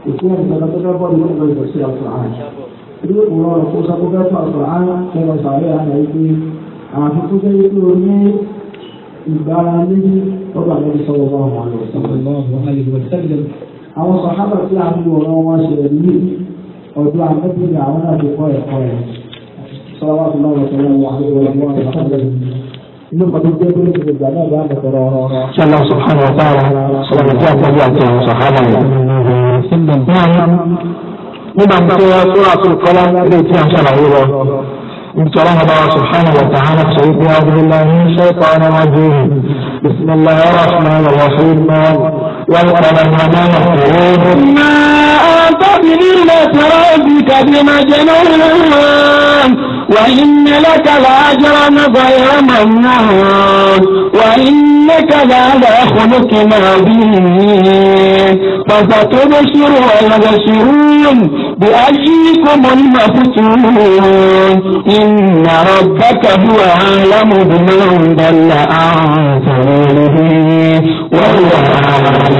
kò sí ẹnì kankan tó fẹ́ bọ́ nínú Jadi ìbọ̀sí àkùrán ní òwúrọ̀ rẹ̀ kó sọ pé fẹ́ fún itu lẹ́nu sàárẹ̀ ini, ìgbé ini tó fẹ́ yíkú ní ìgbára méjì ọba lẹ́nu sọ́wọ́ bá wọn lọ sọ́kùnrin. àwọn sọ̀hábà tí a ń lu ọ̀rọ̀ wọn ṣe ní ọ̀dọ́ àmọ́bìnrin àwọn náà ti kọ́ ẹ̀kọ́ rẹ̀ sọ́wọ́ tó lọ́wọ́ tó lọ́wọ́ inú kan tó jẹ́ pé ń bẹ báyìí nígbà tó yẹ kóra tó kọ́lá ilé tí الله سبحانه وتعالى سيدنا عبد الله من الشيطان الرجيم بسم الله الرحمن الرحيم والقمر ما أنت بنعمة ربك بمجنون وإن لك لأجرا غير ممنون وإنك لعلى خلق عظيم فستبشر ويبشرون بأجيكم المفتون إن ربك هو أعلم بمن ضل عن سبيله وهو أعلم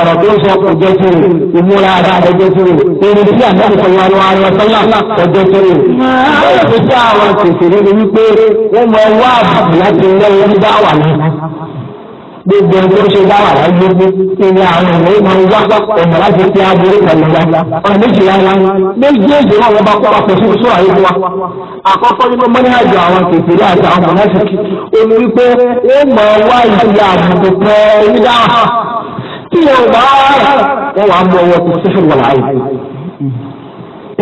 ọ̀rọ̀ tó ń sọ ọjọ́ tó rè ìmúra ara ọjọ́ tó rè èrè sí àdáni sọ̀rọ̀ àwọn ará sọ́lá ọjọ́ tó rè. báyọ̀ tó sí àwọn kèfèrè ni wípé wọ́n mọ wá àbùkù láti ilé ẹni bá wà ní. gbogbo ẹgbẹ́ tó ṣe bá wà láyé ìní àwọn ìwé máa ń wá ọ̀nà láti fi aburú pẹ̀lú wa. ọ̀nà méjì lára méjèèjì wọn wọn bá kọ́ ọkọ̀ sí oṣù àyè wa. àkọ́kọ́ nínú mọ́níhàjọ àwọn kèfèrè àti àwọn mọ̀nàfíkì ó ní wípé ó mọ̀ wá ìyá àbùkù pẹ̀lú dáhà tí wọn bá wọn wà mú ọwọ́ tó sẹ́fẹ̀ wọ̀ láàyè.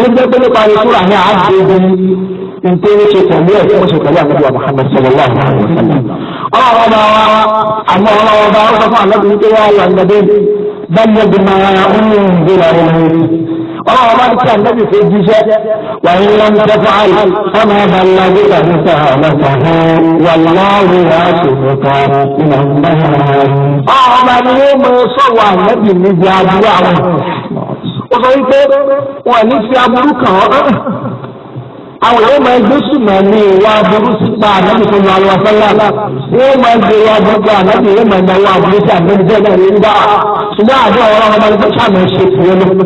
ẹgbẹ́ pẹ̀lú parí kúrò àní àádọ́gbọ̀n nǹkan ó ṣe pẹ̀lú ẹ̀ ó ṣe pẹ̀lú àgbẹ̀dẹ̀ Muhammad sallallahu alaihi wa sallam. ọlọ́wọ́ bá wa àmọ́ ọlọ́wọ́ bá wọn sọ fún àlọ́ ọlọ́run bá ti ànábì fẹ́ jíṣẹ́ wàyí wọn ń tẹ́fọ́ àyè ọmọ ẹ̀bà ńlá bí tàbí sọ àwọn ọ̀sán wàláwù láti nìkan ìmọ̀ ń bá wọn. ọ̀rọ̀ bá ní wọ́n mọ sọ̀rọ̀ ànábì níbi aburú àwọn. ó sọ wípé wọn ní fi aburú kàn ọ́ àwọn yóò máa gbé sùnmọ́ ní ìwà aburú síta ànábì tó lọ àwọn afẹ́lá yóò máa gbé ìwà aburú pa ànábì yóò máa gba ìwà aburú sí ànábì tó ìgbà ṣùgbọ́n àdúrà ọlọ́run ọba ní pẹ́ ṣe fún yẹn lọ.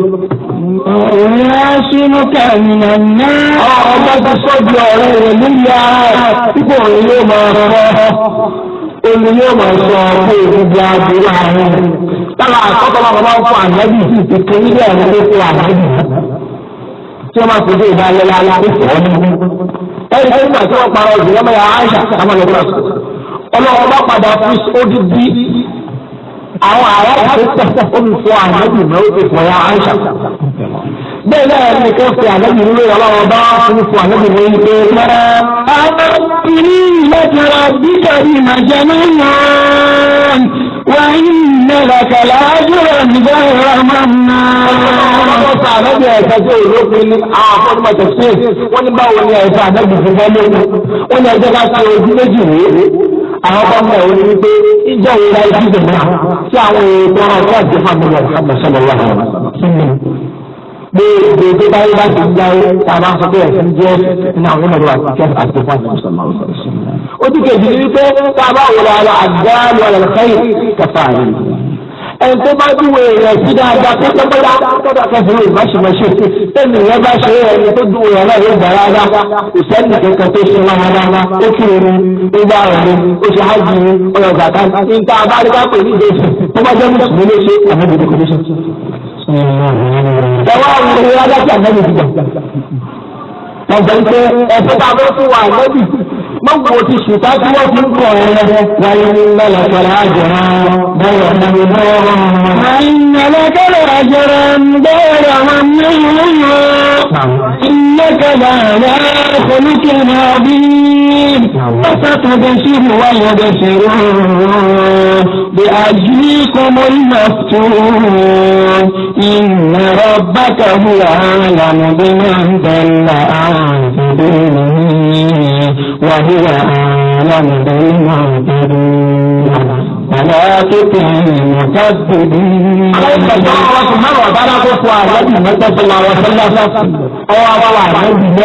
ويعصمك من الناس أعطاك الصبر وليا ipò rẹ̀ yóò máa sọ olú yóò máa sọ pé ìdíje àdúrà rẹ̀ tára àkọ́kọ́ máa bá fún ànábì ìkẹ́ nílé àwọn tó fún ànábì tí wọ́n máa fojú ìdá lọ́la aláàbò wọn ní. ẹ̀rí tó nígbà tí wọ́n parọ́ jù lọ́mọ ya aṣa àmọ́ lọ́wọ́ rẹ̀ ọlọ́wọ́ bá padà fún odidi àwọn àwọn tó tẹ̀ ó fi fún ànábì mọ́ ó fi fún ya aṣa bẹ́ẹ̀ náà nìkan fi àlẹ́bí nílé ọlọ́run bá fún fún àlẹ́bí ní ilé rẹ̀. àwọn obìnrin ìlẹ́jọra bíkẹ́rì màjẹ̀mú yàn wà ní ìlẹ̀kẹ̀lẹ̀ ájúrò nígbà ìrọ̀mọ́ náà. ọlọ́run sọ àlẹ́bí ẹ̀ka tó ìlópin ní àwọn afọ́dúnmọ̀ tẹ̀sí wọ́n ní báwo ni ẹ̀ka àlẹ́bí fún fẹ́ lókun ó ní ẹjọ́ bá ṣe ojú méjì rèé àwọn bá mọ̀ pé èdè tó bá yẹ bá ti ń jáwé tá a máa ń sọ pé ẹ̀sìn jẹ́ ní àwọn ọmọdé wa ti kẹ́sì àti fún àjẹmọ́ sọ̀rọ̀ àwọn sọ̀rọ̀ sọ̀rọ̀. ó ti kejì ní wípé tá a bá wò lọ àlọ́ àgbáàlú ọ̀rọ̀ sẹ́yìn kẹfà rẹ̀. ẹni tó bá bí wòye rẹ̀ sí dáadáa tó tó bóyá tọ́jà kẹfì rẹ̀ máṣemáṣe tẹ́lẹ̀ rẹ̀ bá ṣe ẹni tó dùn wòye rẹ̀ yóò gbàrà rà ìsẹ́ni kankan tó ṣe wọn rárá ó kiri ni ó bá rẹ̀ ni ó ṣe hájì ni ó yọ gàdá ní ta abáríkà pè ní ìdẹ́sẹ̀ tó bá jẹ́ mùsùlùmí ló ṣe àmọ́ ìdíkọ̀ ló ṣe. Ìjọba àwọn ìwé adájọ́ àgbẹ̀bẹ̀ ti gbà. Wọ́n ń pẹ́ ẹ̀fọ́ tá bọ́ fún wa àgbẹ̀bẹ̀ má wo ti sùtá tí wọ́n ti ń kọ̀ ẹ́ wáyé lọ́la pẹ̀lú àjọ̀rọ̀ bẹ́ẹ̀ ọ̀nà mi lọ́wọ́. àyìnbó kẹ́lẹ́ àjọ̀rọ̀ bẹ́ẹ̀ ọ̀nà mi lọ́wọ́. إنك لعلى خلق عظيم فستبشر ويبشرون بأجلكم المفتون إن ربك هو أعلم بمن ضل عن سبيله وهو الذين آمنوا بالمعتدين ولا تطع المكذبين. عليك الصلاة والسلام وبركاته على النبي صلى الله عليه وسلم أو على النبي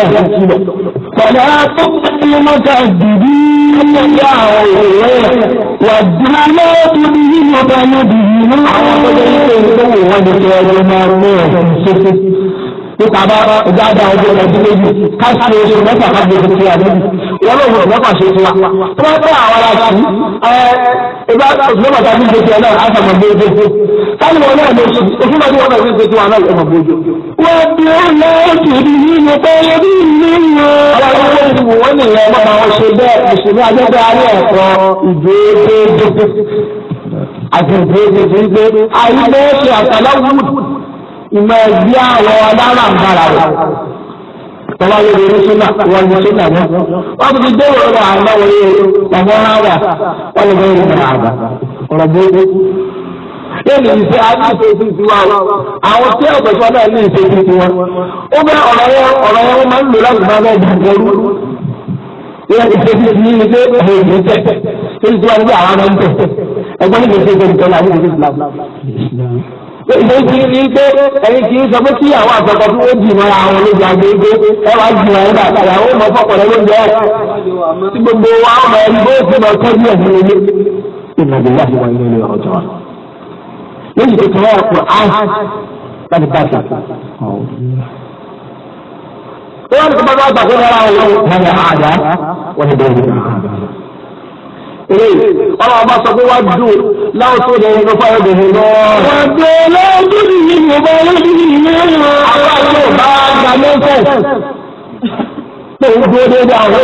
فلا تطع المكذبين يا الله والدعاء به وبنبيه nípa bá ọjọ́ àgbà ọjọ́ ọdún méjì káṣíṣe oṣù mẹ́fà ká gbogbo ti àná wọn lóun mẹ́fà ṣe tiwa tó bá tẹ àwọn ará ẹ ìgbà oṣù mẹ́fà ká gbogbo ti àná àfàmọ́ gbogbo káṣí wọn náà lóṣù oṣù mẹ́fà wọn náà gbogbo ti àná ìfàmọ́ gbogbo. wọ́n bí ó lọ́ọ̀tì bí nínú pẹ́ẹ́lẹ́ bí nínú. ọlọ́run ló ti wù wọ́n nìyẹn mọ́ àwọn ṣe bẹ́ẹ̀ mùsùlùmí ajẹ́gbẹ́ alẹ́ ẹ̀kọ́ ìgbéyéwé àgbègbè gbègbè àìlẹ́ẹ̀ṣẹ̀ àtàláwùd ìmọ̀ ẹgbẹ́ àwọn alárànbarà rẹ̀ tọ́lá yóò lórí sọ́nà wọ́n wọ́n ti fi dé ìrọ̀rọ̀ àwọn wọlé ọmọ rárá wọ́n lè bẹ́ẹ̀ rìn ọ̀rọ̀ ti ti wá o. Àwọn tí náà ní ti ti wọn. Ó ọ̀rọ̀ yẹn ọ̀rọ̀ yẹn wọ́n máa ń lò láti máa bẹ́ẹ̀ Ìyá ti ti ní pé tẹ̀. àwọn èyí ti ní pé ẹni kì í sọ pé kí àwọn àtọkọ tí wọ́n jì àwọn olóògbé agbègbè ẹ wá jì wọ́n nígbà tí ọmọ fọkànlẹ́ ló ń jẹ́ gbogbo wa ọmọ ẹni bó ti lọ tọ́jú ẹ̀ ní ilé. ìlànà ìyá ti wà ilé ọjọ́ wa. lẹ́yìn tó tẹ̀lé ọkọ̀ á láti bá ṣe. ó wà ní kí bàbá àgbà kó rárá o. wọ́n yà á dá wọ́n yà bẹ́ẹ̀ eléyìí ọlọ́wọ́ bá sọ pé wá dùn láwọn tó lè lọ fáwọn obìnrin lọ. wàdó lọ́dún ní yorùbá lórí ìlú. àwọn àti bá gba lẹ́sẹ̀. pé ń gbé dédé àwọn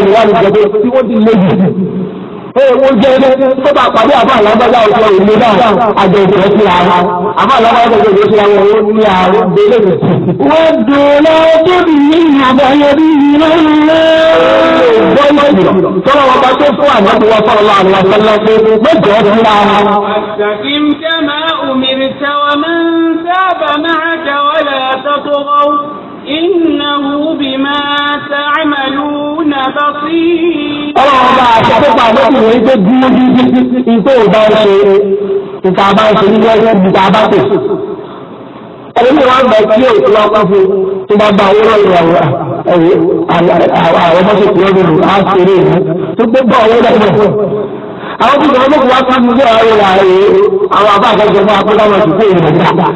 ìwádìí tí wọ́n ti ewo jẹ tó bá pàdé àbá àlágbádá ọjọ́ ìlú náà àjọ sí ara àbá àlágbádá ọjọ́ ìfẹ́ sí ara ní àrùn délé rẹ. wọ́n dòlá tóbi ní àbáyọ bí ìrọ̀lẹ́. bọ́lá ìlọ tọ́lá wọn bá tó fún àmọ́tò wọn sọ̀rọ̀ lọ àwọn afẹ́lẹ́ pé mẹ́jọ sí ara. àtàkìm jẹ́ máa òmìnir tẹ́wọ́ sábà máa tẹ́wọ́ lẹ́yàtọ̀ tó rọ́ إنه بما تعملون بصير ọlọ́run bá aṣọ tó pa àwọn ìwé tó dúró dídí ìtò ìbá ń ṣe ìta bá ń ṣe nígbà ìwé ìta bá tò. ẹni tí wọ́n gbà kí èyí tó bá kú fún tó bá bá owó lọ́yìn àwọn àwọn ọmọdé tó lọ́dún lò á ṣe eré ìlú tó gbé bá owó lọ́dún lọ. àwọn tó gbà ọmọkùnrin wá fún mi bí ọ̀rọ̀ rà rè é àwọn àbá àgbẹ̀jọ̀ fún akọ́dá wọn ti kó ìrìn àjá.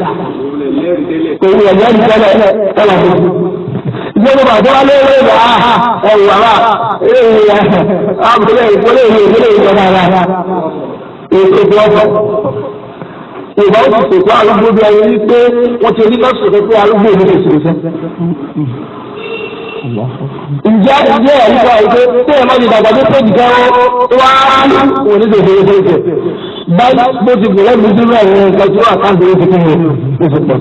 kò ní ẹ̀jẹ̀ ìjọba àjọba lóore rà á wọ́n wà á ẹ̀yìn àbúlé ìpínlẹ̀ èyí ìjọba rà á ètò ọ̀fọ̀. Yorùbá ó sì ṣètò arúgbó bí ayé yí wọ́n ti ní lọ́sọ̀ tó pé arúgbó mi lè ṣèṣe. Ǹjẹ́ ǹjẹ́ ẹ̀rí kan àìpé tí ẹ̀ ti dàgbà tó pé jìkan wá wò ní Báyìí bó ti gbìyànjú sí mẹ́rin nǹkan tí àkáǹtì ó ti kí ni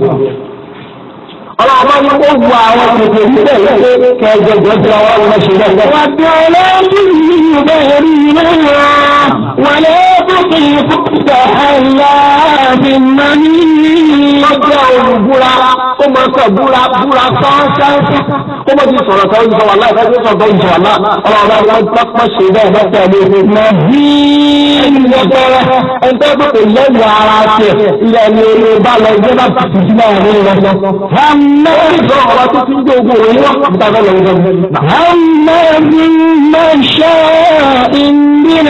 ọlọ́ọ̀bá ní kó wu àwọn kòtò níbẹ̀ wípé kẹjọ gbọ́dọ̀ àwọn ọmọ ṣe lẹ́gbẹ́. wàdà ọlọ́run yìí bẹ̀rẹ̀ náà wà lẹ́ẹ̀bùkì kúkúta aláàbìmọ́ ní. ọjọ́ olùbúra ó máa sọ búra búra sáńsáńsá ó máa ti sọ̀rọ̀ sọ̀rọ̀ ìṣọ̀ wà láì fẹ́ sọ̀rọ̀ ìṣọ̀ wà náà ọlọ́ọ̀bá ní wọ́n pẹ́ ṣe bẹ́ẹ̀ lọ́pẹ́ ní ìlú náà. ẹni tó أما أما شاء من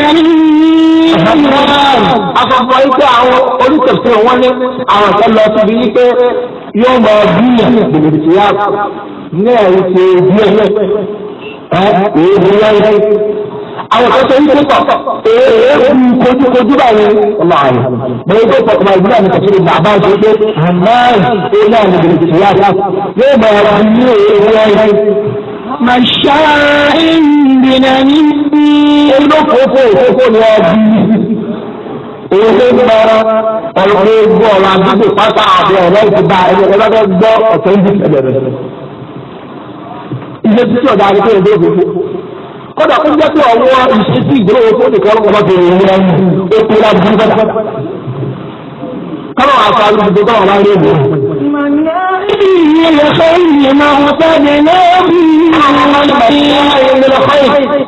Àpapọ̀ ikú àwọn onítẹ̀síọ̀ wọn ní àwọn kan lọ síbi wípé yóò máa bíyàn gbèdéke yá ní ẹ̀rí ti ojú ẹ̀ ẹ̀ èébú láyé àwọn ìtọ́jú yìí tó kọ̀ èé ń kojú kojú báyìí ọmọ àyè mo ní kó pọ̀ tó máa gbúdọ̀ nípa síbi bàbá ń ṣe pé àmọ́ èé náà ní ìdílé tìyà yóò bọ̀ ọ́ ní èé wọ́n Màṣá ìrìnà ní bí. Olókòókò òkòókò ni ọ bí. Èyí tó ń gbọ́rọ̀ ọ̀rọ̀ egbò ọ̀rọ̀ àdúgbò pátá àti ọ̀rọ̀ ìtura ẹni ọ̀rọ̀ gbọ́ ọ̀tọ̀ ń bí rẹ̀ kọ́dà kó jẹ́ pé ọ̀wọ́ ìṣesí ìgbéròwó tó nìkan ọlọ́pàá ti rìn ní ẹnu ó pé lábúrú kọ́dà. káwọn àfa gbogbo káwọn bá rí èdè. Ibi ìyẹn lè fẹ́ ìyẹn máa wọ sáde náà Àwọn ọmọ ìyá ìyẹn lè fẹ́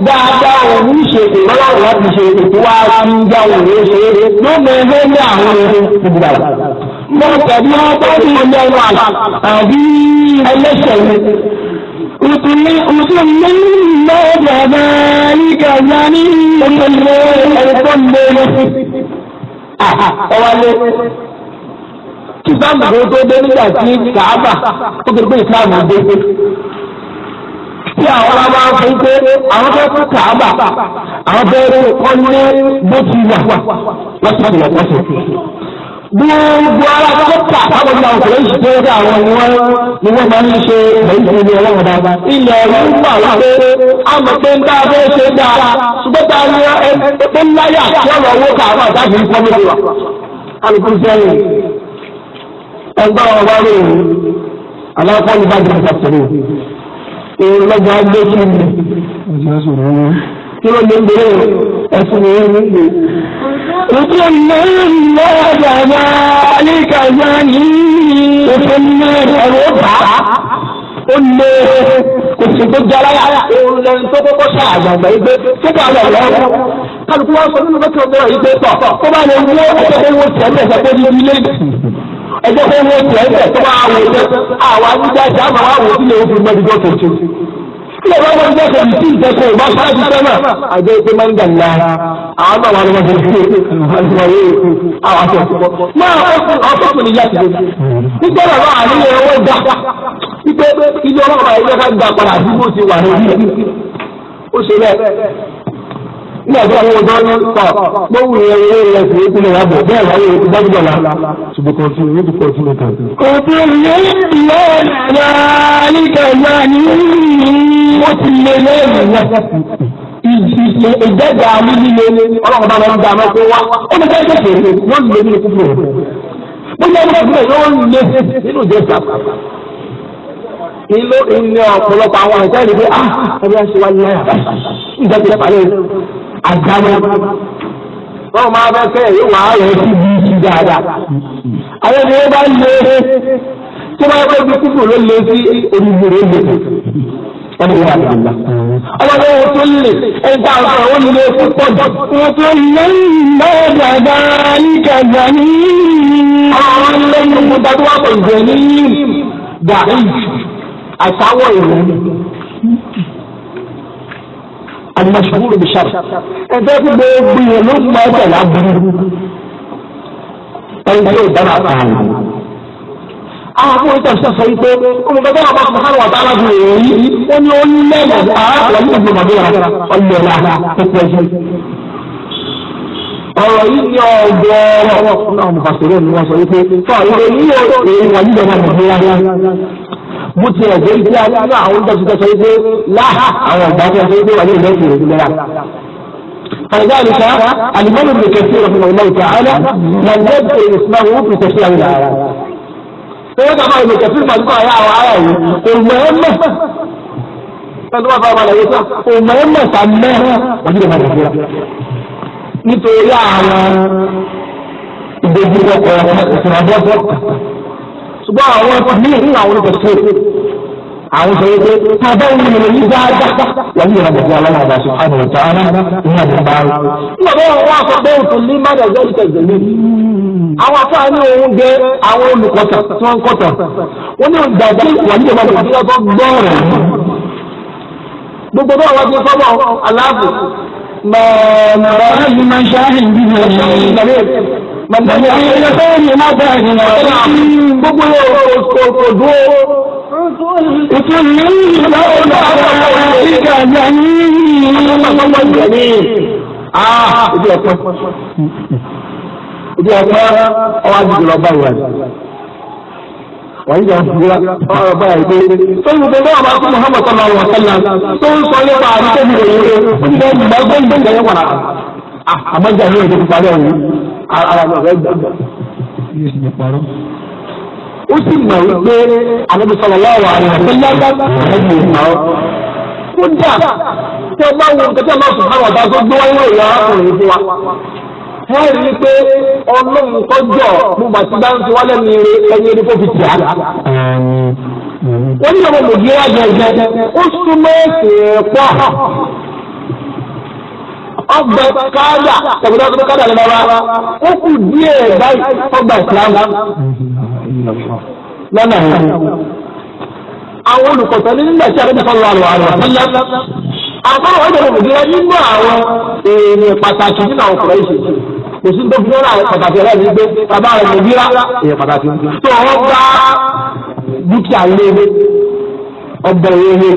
dáadáa òun ṣe ìrọ́lọ́wọ́ láti ṣe ètò wa ń já òun ṣe é. Lóògbé ẹgbẹ́ ní àwọn ẹgbẹ́ ìdílé àgbà mo tẹ̀lé ọgbọ́n ní ọmọ àbí ẹlẹ́sẹ̀ mi. أتم بعد ذلك زنيم ọwọlé islam gbogbo ara kọ́pà àwọn ọmọ ọ̀sẹ̀ yìí tó dé àwọn ni wọ́n ni wọ́n máa ń ṣe ìgbẹ́jọ́ ní ọlọ́run dáadáa. ilẹ̀ ọ̀run wà wípé àmọ̀ pé ń bá abẹ́ ṣe dáa ṣùgbọ́n tá a ní ẹgbẹ́ ńláyà tí ọ̀rọ̀ owó kà àwọn àtàkùn ń fọ́nmọ́ wa. alùpùpù sẹ́yìn ẹgbẹ́ wọn wá rèé aláfọ́nù bá jẹ́ àtàkùn rèé. èrò lọ́gbọ̀n á gbé sí mi tí wọ́n lè ẹ̀sùn ìwé ní ìgbé. Ìjọba ìlú ọ̀dàdà alíkàgbà ní òfin ní ẹ̀rọ bá. Ó lé òsì tó jara yàrá òun lẹ́nu tó kọ́kọ́ ṣe àgbàgbà yìí pé tó bá lọ lọ́wọ́. Kálukú wá sọ nínú bẹ́tẹ̀ ọmọ yìí pé tọ̀ tó bá lè wọ́ ẹgbẹ́ tó wọ́n tẹ̀ ẹ́ ẹgbẹ́ tó ilé ẹgbẹ́ tó tó wọ́n tẹ̀ àwọn àwùjọ àti àmọ́ àwọn òbí tí ọba wọn jẹ́ kò tí ì jẹ́kọ̀ ọba sáájú sẹ́mà àjọ ìpè máa ń dà ní ara àwọn náà wà ní wọn fi ṣe àtìwáyé àwọn aṣọ ìṣòwò. máa ọkọ mi níyà ti dé nígbà náà wà ní ẹwọ́ dá wípé ilé ọlọ́pàá ẹgbẹ́ ká gbà padà bí mo ti wà ní ó ṣe bẹ́ẹ̀ nígbà tí àwọn ọjọ́ ń pa gbóhùn yẹn owó yẹn sì ń tilẹ̀ yàgò bẹ́ẹ̀ láyé ètò gbajúgbọ̀ la. ṣùgbọ́n kọ́ntínú ní ti kọ́ntínú kan. òbí yẹn ń lọ àlàyé ní ó ti lé lẹ́yìn náà. Ìjìṣe ìjẹ́jà líle ọlọ́run bá lọ́dún dáná tó wá. Ó ní káyọ̀ kékeré wọ́n lè ní ikú fún ẹ̀. Bóyá ní ọdún ẹ̀ lọ́wọ́ lè nínú ìjẹ́jà ìlú ìní ọ̀pọ̀lọpọ̀ àwọn àìsàn ìdíje ah ẹgbẹ́ ṣe wá ní náírà ìjọba ìjọba rẹ̀ àjáwọ́ wọ́n máa bá fẹ́ yóò wá rẹ̀ sí bí i sí dáadáa. àwọn ènìyàn bá lé tó bá yẹ kó ibi kúkú ló lé sí onígbèrè lè wọ́n ní wọ́n àti ìlà. ọmọdé wo tó lè ẹgbẹ́ àwọn ọ̀rọ̀ wọn lè kó pọ̀ jù. wọ́n tó lè lọ dàda ní kàgbà ní. àwọn ilé ìlú kúta tó wà pẹ̀lú ẹ̀ ní dàrí àtàwọn ìròyìn àmọ̀ṣọ́wúrò bí ṣáà ẹgbẹ́ gbogbo gbìyànjú ló ń pa ẹ̀jẹ̀ lábúrú ẹni tí ó dára kan àwọn ìtàn sọ yìí pé olùdókòwò àwọn àmàlù àti aláàbò èyí ó ní ó ní lẹ́yìn aráàlú àti ìgbìmọ̀déra ọlọ́ọ̀la tó pẹ́ jù. ọ̀rọ̀ yìí ní ọgbọ́ọ̀rọ̀ fún àwọn mùsàkóró ni wọ́n sọ yìí pé fún àwọn ìròyìn yóò èyí wà nígbà wọn mọ̀ bó ti ẹ̀jẹ̀ ìdí àwọn àwọn dọ́kítà sọ wípé láhà àwọn ọ̀gá tó sọ wípé wà ní ìlú ẹ̀sìn ìlú náírà. فلذلك الإمام ابن كثير رحمه الله تعالى لم يذكر اسمه في تشريع الآية. هو طبعا ابن كثير ما ذكر آية أو آية المهم pẹ̀lú ọba ọba lẹ́yìn tó ọmọ ẹ̀ mọ̀ sá mẹ́ ọdún ìmọ̀ nàìjíríà nítorí àwọn ìdójúkọ ọ̀rọ̀ ìsìnàbọ̀ ṣùgbọ́n àwọn ní ìrìn àwọn oníkẹ̀ ṣe àwọn sọ wípé tábà ń lè yí dáadáa wọ́n yìí rẹ̀ wọ́n lọ́wọ́ àbáṣe ọ̀nà ìta ọ̀nà ìyá ìdí bá rú. nígbà tó wọn wá sọ pé òtún ní mádàjọ́ ìtẹ̀jẹ̀ mi àwọn afáà ní òun gé àwọn olùkọ́tà tí wọ́n ń kọ́tà wọ́n ní ìgbàgbọ́ wà ní ìwádìí tí wọ́n gbọ́ rẹ̀ gbogbo bá wà bí fọ́mọ̀ mọ̀lẹ́bí ẹ̀yẹ sẹ́yìn ní báyìí wáyé. Wọ́n tó ń bá fún Muhammadu sallallahu alaihi wa sallam tó ń sọ nípa àdúgbò ìròyìn rẹ̀ ó ti bẹ́ẹ̀ gbàgbé àmọ́jà ní èdè píparẹ́ ọ̀hún ara mi ọ̀rẹ́ gbàgbọ́. ó sì mọ̀ wípé àlọ́bísọ̀rọ̀ wà wà ní àtẹ́lẹ́gbẹ́ ẹ̀yìn ìmọ̀ kódà tẹ bá wo nǹkan tí a máa sùn fáwọn ọba tó gbé wáyé ìyá arákùnrin fún wa. wọ́n rí i pé ọlọ́run kọjọ́ mo bá ti bá ń fi wá lẹ́nu eré ẹni eré fòfin tì á. wọ́n ní ọmọ mòdìyẹ́ wá ó súnmọ́ èsì ẹ̀pọ̀ ọgbẹ káàdà tẹ̀gbọ́dọ̀ tó káàdà ó kù díẹ̀ báyìí ọgbà ìsìlámù lọ́nà yẹn. àwọn olùkọ́tọ́ ní nígbà tí àdébí àlọ́ àlọ́ àbáwọ̀ nínú àwọn èèyàn pàtàkì nínú àwọn ọkùnrin kò sí tó fi pàtàkì èèyàn pàtàkì tó ọ ọba ehe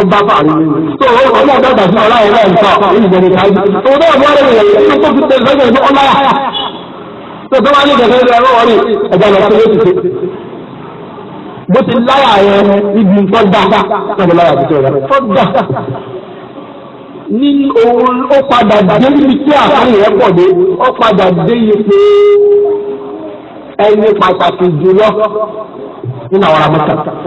ọba fàánù tó o ọmọ ọdọ ọláyà náà ń sọ ìgbẹ̀rẹ̀ káyé tó o náà wọlé rẹ̀ tó tó fi tẹ̀lé sọ́jà ìgbẹ́ ọláyà tó gẹ̀gẹ́ rẹ̀ rẹ̀ lọ sí bó ti láyà ibi láyà ní òun ó padà dé tí pọ̀ dé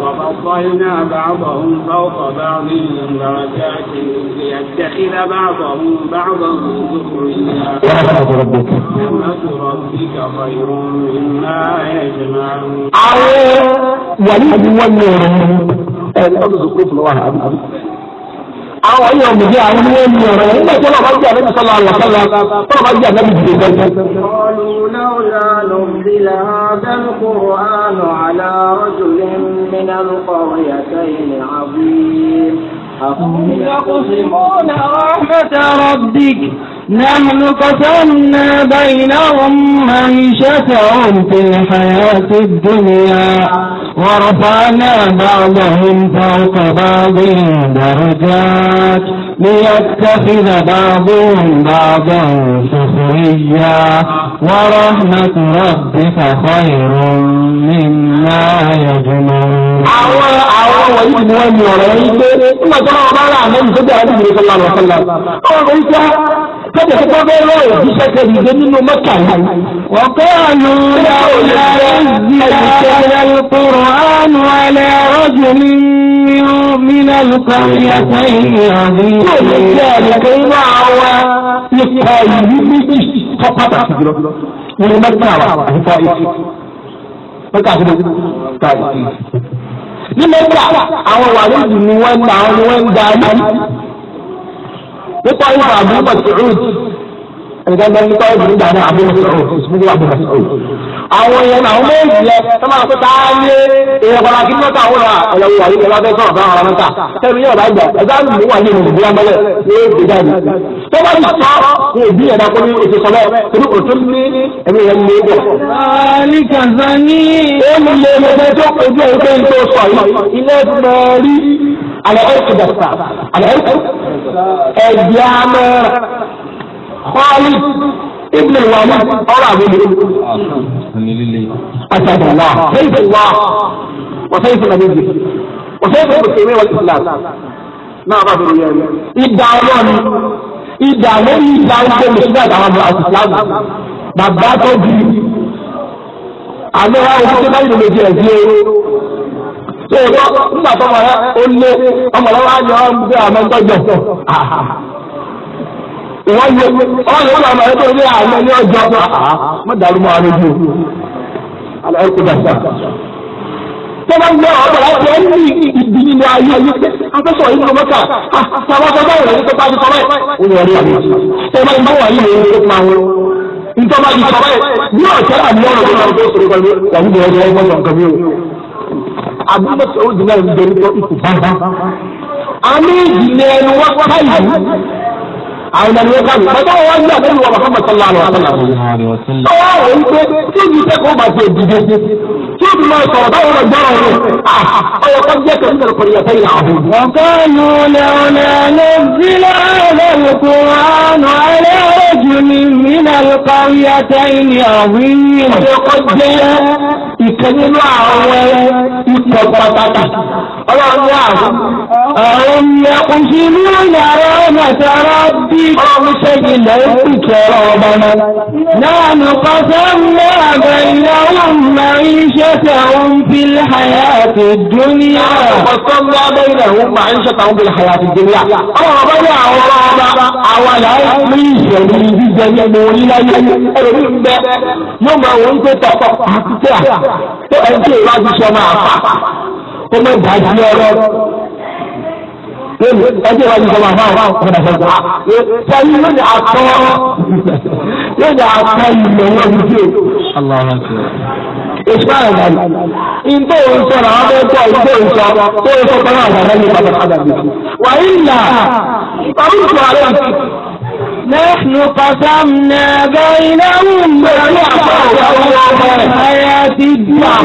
وفضلنا بعضهم فوق بعض من درجات ليتخذ بعضهم بعضا سخريا رحمة ربك خير مما يجمعون. ولي هو النور. àwọn ọ̀yọ́ òmìnira àwọn ilé ẹni ọ̀rọ̀ nígbà tí wọ́n bá jẹ́ àlejò sọ́lá àwọn sọ́lá tó bá jẹ́ àlejò jù lọ. يقسمون رحمة ربك نحن قسمنا بينهم معيشتهم في الحياة الدنيا ورفعنا بعضهم فوق بعض درجات ليتخذ بعضهم بعضا سخريا ورحمة ربك خير مما يجمعون àwọn àwọn tẹ́lẹ̀ tó bá bẹ́ẹ̀ lọ́rọ̀ ìjíṣẹ́ tẹ ìdè nínú mọ́tà yìí. wọ́n kọ́ àánú láwùjọ ìzìlá ìkúrò àánú alẹ́ ọ̀rọ̀jù ní mílẹ̀ lùkọ́ ìyàtọ̀ ìrìn. yóò ní mọ́tà àwọn wàlúù ni wọ́n ń da àwọn wọ́n ń da nípa ìwà àbúrò mọ̀tòrò ẹnìkan bẹ́ẹ̀ nípa ìwà nígbà náà àbúrò mọ̀tòrò ìsúnmọ́ àbúrò mọ̀tòrò. àwọn yẹn náà wọ́n méjì yẹn tó máa pẹ́ táá ní èèyàn kan àti mẹ́ta àwọn ọ̀la ọ̀làwọ̀ àyè kẹlá bẹ́ẹ̀ sọ̀rọ̀ báwọn ọ̀la mẹ́ta tẹ́lu yóò bá gbà ẹ̀dá mi wà ní ìlú ìlú amẹ́lẹ̀ ní èdè jáde. tó bá ti sọ ní òbí yẹn náà kó ní ètò sọlẹ torí òtú ní ẹni yẹn lé wọ. ali kazani. ó ní ilé ẹgbẹ́ tó ojú ẹ̀ pé yìí ilé ẹ̀ العرق دفاع العرق الجامر خالد ابن الوليد أرى به أسد الله سيف الله وسيف نبيه وسيف المسلمين والإسلام ما غفر يعني إدعوني إدعوني إدعوني مسلمات على الإسلام بابا توجيه أنا أقول لك أنا tó o lọ nígbà tó ọmọ rẹ ó lé ọmọ rẹ wá ní ọ ń gbé àmọ́ tọ́jọ́ ìwọ́n yẹ ọmọ yẹn wọ́n ọmọ rẹ tó ní àmọ́ ní ọjọ́ ah, ah, mọ dàrú mọ́ ara jù aláyé kó dàgbà. tó bá ń gbé ọmọ rẹ tó ní ìdí nínú ayé ayé afẹ́sọ̀ yìí ah, ló mọ́ta àwọn ọmọ báyìí lọ́wọ́ tó bá ti sọ́wọ́ ẹ̀ ó ní ọ̀rẹ́ àmì tó ń bá wà yìí lọ́wọ́ tó máa wọ́n ntọ́ba ti sọ́wọ́ ẹ̀ bí ọ̀sẹ̀ àmì ọ̀rọ̀ tó lọ́wọ́ tó sọ̀rọ̀ pẹ̀lú abúlé náà ń bẹ nípa ikú bàbá. àmì ìjìnlẹ̀ ẹnu wá káyìí àwọn ìlànà yẹn kàwé bàtà wọn wájú àbẹ́bí wa Muhammad sallallahu alaihi wa sallam. ọwọ́ àwọn yìí pé tí ibi iṣẹ́ kan bá ti dìde tí ibi máa sọ̀rọ̀ báwo lọ gbọ́rọ̀ rẹ̀ ọwọ́ kan jẹ́ kẹ́mi kẹ́mi kọ́ni yàtọ̀ ìlà àbò. ọ̀kanu lẹ́wọ̀nà ló fi lọ́wọ́ kùránù alẹ́ òjòlì nínú àlùkọ́rí àtẹ́yìn àwìn. ọ̀kọ́ jẹ́ ìkànnì náà àwọn ikọ̀ pàtàkì ọlọ́run ní àwọn. àwọn ọmọ ẹ̀kọ́ sí ní ìyàrá ọ̀nà tẹ̀rọ bíi ọ̀wíṣẹ́ ilẹ̀ ìpìtẹ̀ ọba náà. Láàánú kọ́sẹ́ ń lé àgbẹ̀ ìyàwó mẹ́rin iṣẹ́ tẹ̀ ń fi láyà àti dúníyà. Kọ́sẹ́ ń lé àgbẹ̀ ìyàwó mẹ́rin iṣẹ́ tẹ̀ ń fi láyà àti dúníyà. Ọ̀rọ̀ bá yà àwọn ọba àwọn àlàyé ní ìṣẹ̀lú jíjẹ ní mo ní láyé ń bẹ. Yóò máa wọ́n ń tẹ̀ ìwádìí sọ máa fà. Ó mọ̀ ọjọ́ ìwájú sọ máa fáwọn padà sọ pé ṣe yín ló ní àtọ́ yóò ní àtọ́ ìlú wọn ní kí o. ìṣúná ìgbà ni ìgbó òun sọ̀rọ̀ àwọn ọmọ ẹgbẹ́ ìgbó òun sọ tó ń sọ pé wọn àgbàdo ní padà padà bí. wàyí ìyá ìpàmùsùn àlọ́ نحن قسمنا بينهم الحياة الدنيا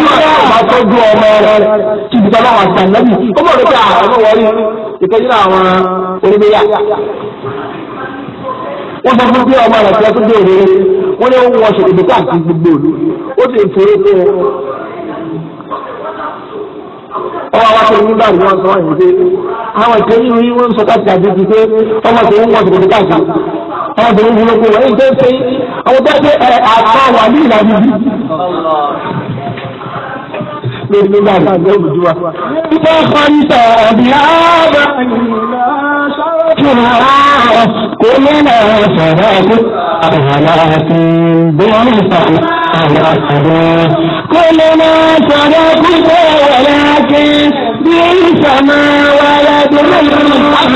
wọ́n sọ fún pé ọmọ rẹ̀ tí wọ́n tún béèrè wọ́n ní wọ́n wọ́n ṣe ìdí káàkiri gbogbo òlu ó sì fèrè fún un. ọwọ́ àwọn akéwì nígbà tí wọ́n sọ wọ́n yìí pé àwọn ìkéwì yìí wọ́n sọ káàkiri àti ti pé ọmọ tó ń wọ́n ṣe ìdí káàkiri àwọn obìnrin wúlò kó wọ́n ètò ṣe àwọn tó ṣe àgbà wà ní ìlànà yìí. lórí nígbà tó ń gbé òdùwà. ìbá kan tàbí àbá ìlànà. الكبراء كلنا صلاة أهلاك بالفعل كلنا صلاة ولكن بالسما ولا بالأرض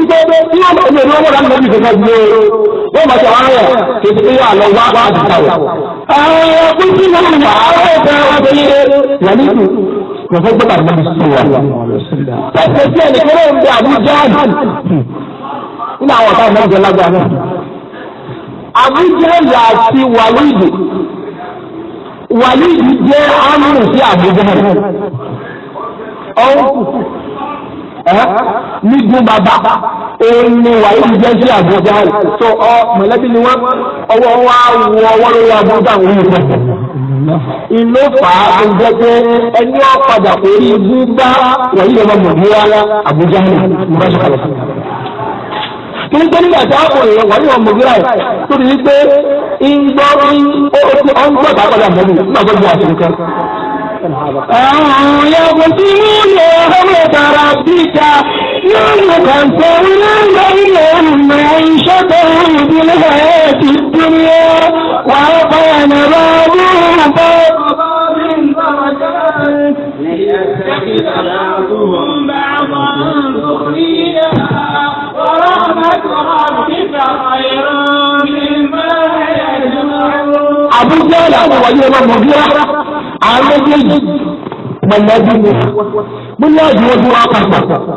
Ìgbẹ́gbẹ́ tí ó lọ́gbẹ̀ẹ́ ni ọmọ ìdánilẹ́bí ìfẹ́fẹ́ gbé wọ́n bá ti wáyẹ̀ kí ti yà lọ wá wá àdìsáwọ̀. Àwọn ọkùnrin náà wà á wọ́n fẹ́ wá sí ilé. Yàrá ìlú lọ́sọ̀ gbọ́dọ̀ àmọ́ mi sọ wa. Tẹ̀sẹ̀ sí ẹni kí wọ́n ń bẹ Abuja nínú àwọn ọ̀tá ìmọ̀ ìjọba lágbára náà. Abuja là ti Wàlídì. Wàlídì jẹ́ sí Abuja Ọ̀hún nígun bàbá òun ìlú fà á ń jẹ́ pé ẹni ọ̀ padà orí ibú bá wọ̀nyí lè máa mọ̀bí wa àbújá ní ìbáṣọ kalẹ̀ sí. kí ni tẹ́lifà tí a kò yẹ wọ́n ní wọn mọ̀bí wa yìí tó ti di pé ń gbọ́ ń ó ń gbọ́ tá a padà mọ̀bí nígbà tó di àṣírí kan. àwọn yàgò tí wọ́n lè ọ̀rọ̀ tààrà bíi ta. يستنفرون إليهم معيشتهم في الحياة الدنيا وأعطانا بعضهم فوق بعض درجات ليتخذ بعضهم بعضا سخريا ورحمة ربك خير مما يجمعون أبو جهل وغير مغيرة على مجلس من يجمع من يجمع ورقة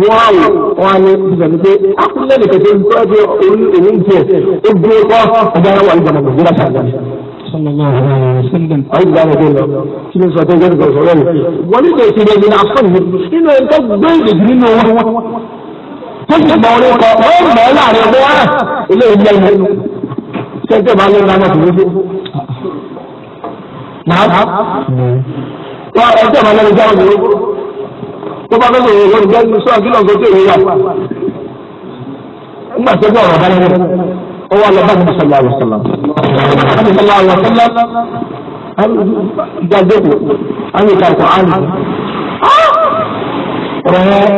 wọ́n àwò wọn ni bíbẹ̀ni pé akúnlẹ̀ lè tètè ń tọ́jú orí òun jẹ ó gbé kọ́ ọjà wà ní ìjọba nàìjíríà ṣàgbà. Ayi gba ọdọ lọ, kí ni sọ tẹ́jọ́ nípa ìṣòro rẹ̀? Wọ́n ní kèsì rẹ̀ yìí àfọ̀ yìí, nínú ẹ̀ tó gbé ìdèjì nínú owó wọn. Tó sì mọ orí kọ, ó mọ̀ ọ́ láàrin ọgbọ́n wá, ilé ìjẹ́ ìlú. Ṣé ẹgbẹ́ bá lóun náà tòun tó? Màá. Wọ́n ẹgbẹ́ bá lóun jáwé lóun tó bá fẹ́ sọ̀rọ̀ lọ́dún bẹ́ẹ̀ ni sọ àkìlọ̀ sọ pé èyí wà. nígbà tó bọ̀ ọ̀rọ̀ bá yẹn ó wà lọ bá mi sọ̀rọ̀ àwọn sọ̀rọ̀ àmì sọ̀rọ̀ àwọn sọ̀rọ̀ àmì ìjàgbé kù àmì ìtàkùn àmì. ọ̀rọ̀ yẹn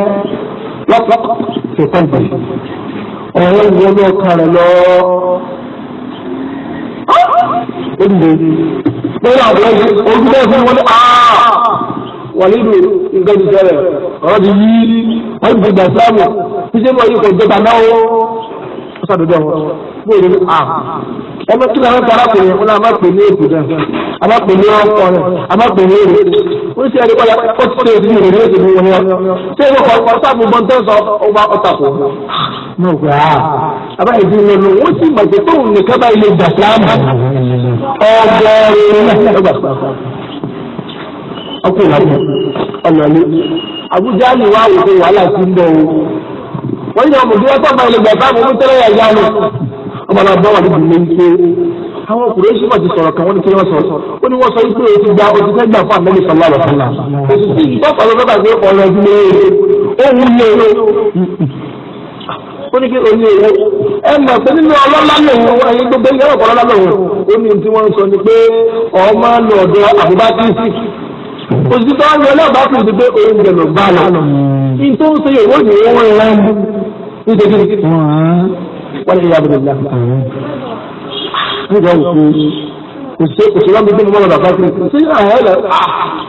lọ́kọ̀ọ́ ṣe tán bẹ̀ ọ̀rọ̀ yẹn wọlé ọkàn rẹ̀ lọ ó ń bẹ lórí àwọn ọ̀rọ̀ yẹn ó ń bẹ́ẹ̀ fún wọn wàlídù nǹkan ti sẹ́rẹ̀ ọ̀rọ̀ ti yí wọ́n ti gbà sáàmù títí wọ́n yí kò jọba náà ó sàdúdọ̀ wọn fún èdè à ọmọ kí làwọn kan arákùnrin wọn náà má pè ní èkó náà a má pè ní ọkọ rẹ a má pè ní èrè ó sì ẹni kọlá ó ti ṣe ìdílé rẹ lóṣèlú wọn yọ ṣé ìwọ kọ ọkọ sáàmù bọ́n tó ń sọ ọba ọta kò mọ òkè à àbá ìdí mi lò ó sì gbàgbé tóun nìkan báyìí lè gbà sáàmù ọgbẹ́rin náà ọkùnrin lọ́kùn ọ̀nà ni Abuja ni wàá wò wàhálà ti ń bọ̀ o wọ́n yàn mọ̀ bí wọ́n tọ́ba ilé gbẹ̀fà mi ní tẹ́lẹ̀ yàrá mi ọba náà bá wà níbi mi pé àwọn ọkùnrin ṣì máa ti sọ̀rọ̀ kan wọ́n ní kí wọ́n sọ̀rọ̀ ó ní wọ́n sọ pé o ti gba o ti fẹ́ gbà fún àmọ́lẹ̀ sọ̀rọ̀ àwọn ọ̀sán náà o sì ti bọ́pọ̀ ọ̀rọ̀ ẹ òsì tó ń lọ lọ́ba fún mi pé òun gbẹ̀mọ̀ gbà lọ. kí tó ń ṣe ìwé ìwé wọn ń rán ní tètè wọn lè yàgò lọ́la. nígbà òsì òsì òsì wọn bí gbẹ̀mọ̀ bàbá fún mi.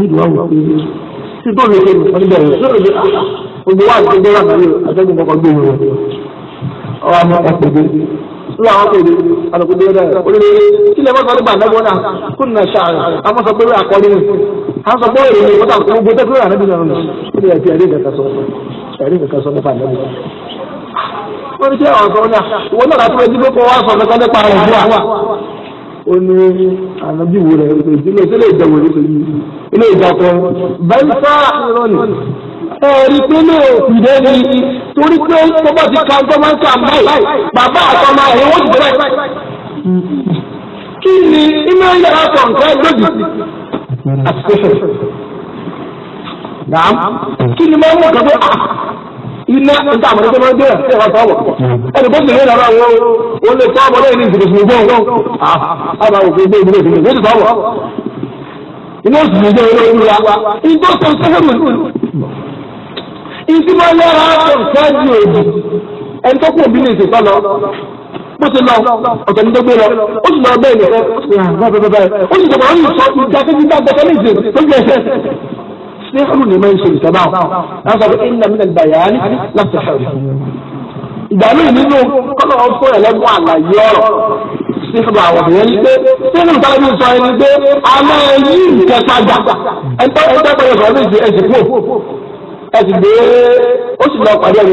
àkóyèdè wà wò pé tí tó lè ṣe nìkan níbẹ̀ rẹ̀ gbogbo wa àti gbogbo wa àti àtẹ́gùn kọ́kọ́ gbé wọn ọwọ́ àmọ́ ẹ̀pẹ̀gbẹ́ lọ àwọn kéde alùpùpù yẹn dẹ olùdó kí lè má sọ nípa àdágbọn náà kó nà ṣáà àmọ́ sọ pé àkọọ́lẹ̀ ni à ń sọ pé èrè ìwọ́ta gbogbo tẹ́kọ̀ rẹ̀ ànábì náà nù kí lè ti ẹ̀rí ìkẹ̀kẹ̀ sọ ẹ̀rí ìkẹ̀kẹ̀ sọ nípa àdágbọn. wọ́n ti ṣe ó ní ànábìwò rẹ̀ ètò ìdílé sílé ìjọba ètò yìí ilé ìjọba bẹ́ẹ̀ fà lọ́nìí. ẹ̀rí pé lè òkùdé ni torí pé tó bá ti ka gbọ́mọ́ ká báyìí bàbá àtọmọ ẹ̀ wọ́n ti bẹ̀rẹ̀. kí ni iná yàrá kan kẹ́ lódì àti pẹ̀sẹ̀. kí ni máa ń mú kàbí ilé nígbà àmọ́ nígbà máa ń gbéra sí ẹ̀rọ sọ́ọ̀bọ̀ ẹni bó sì lè lọ́rọ̀ àwọn wọn lè sọ́ọ̀bọ̀ lẹ́yìn ní ìsìnkú sínú gbọ́n àbá òfin gbé ìdílé ìsìnkú ló ti sọ́ọ̀bọ̀ inú òsì ní ìjọ ìwé ìwé wa ìjọ sọ sẹ́fẹ̀mù ìdí máa lọ́ra ṣáájú òbí ẹni tó kù òbí lè ṣètò bó ti lọ ọ̀tọ̀ ní tó lọ ó sì lọ bẹ́ẹ̀ ni ó sì jọ̀bọ̀ ó sì sọ ìjà tó ti gbọ́dọ̀ ní ìsìn lójú ẹsẹ̀ síhùrù ni máa ń ṣe إن من البيان pé ìnà mi nàgbà yà á ní láti ṣàrù. ìgbà míì nínú kọ́nà ọkọ ẹlẹ́gbọ́n àlàyé ọ̀rọ̀ síhùrù àwọn èèyàn ní pé síhùrù tàbí mi sọ ẹni pé a máa yí ìjẹpadà ẹgbẹ́ ẹgbẹ́ pẹ̀lú ọ̀rọ̀ méjì ẹ̀jẹ̀ kú ẹ̀jẹ̀ gbé ó sì lọ pàdé ẹ̀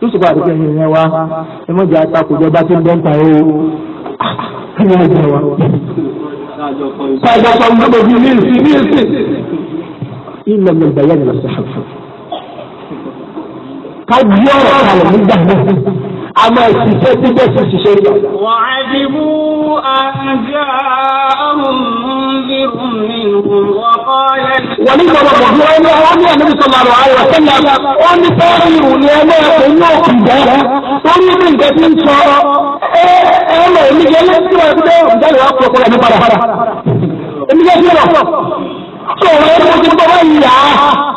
tó sì pàdé kẹ́hìn yẹn wá ẹ mọ̀jà àtakùjọba tó ń bẹ́ńtà yẹn o هذا صنبه في ميل في ميل إلا من البيان والصحة قد يرى على من a máa ṣiṣẹ́ tí bẹ́ẹ̀ ṣe ṣiṣẹ́ yọ. wàhálìbù àjà ọ̀hún minhum wa qala. wọ́n ní wọ́n ní àmì sọ̀rọ̀ àrò àrò àtẹ́lẹ̀ ó ní sọ́ọ́rì ìrù ni ẹlẹ́ẹ̀kọ́ ní òkè jẹ́ torí nǹkan tí ń sọ ẹ ẹ lọ èmi yẹn lẹ́sìn wọn pé ìjáde wà pọ̀ ẹ̀mí padà èmi yẹn ti rọ̀ sọ̀rọ̀ ẹ̀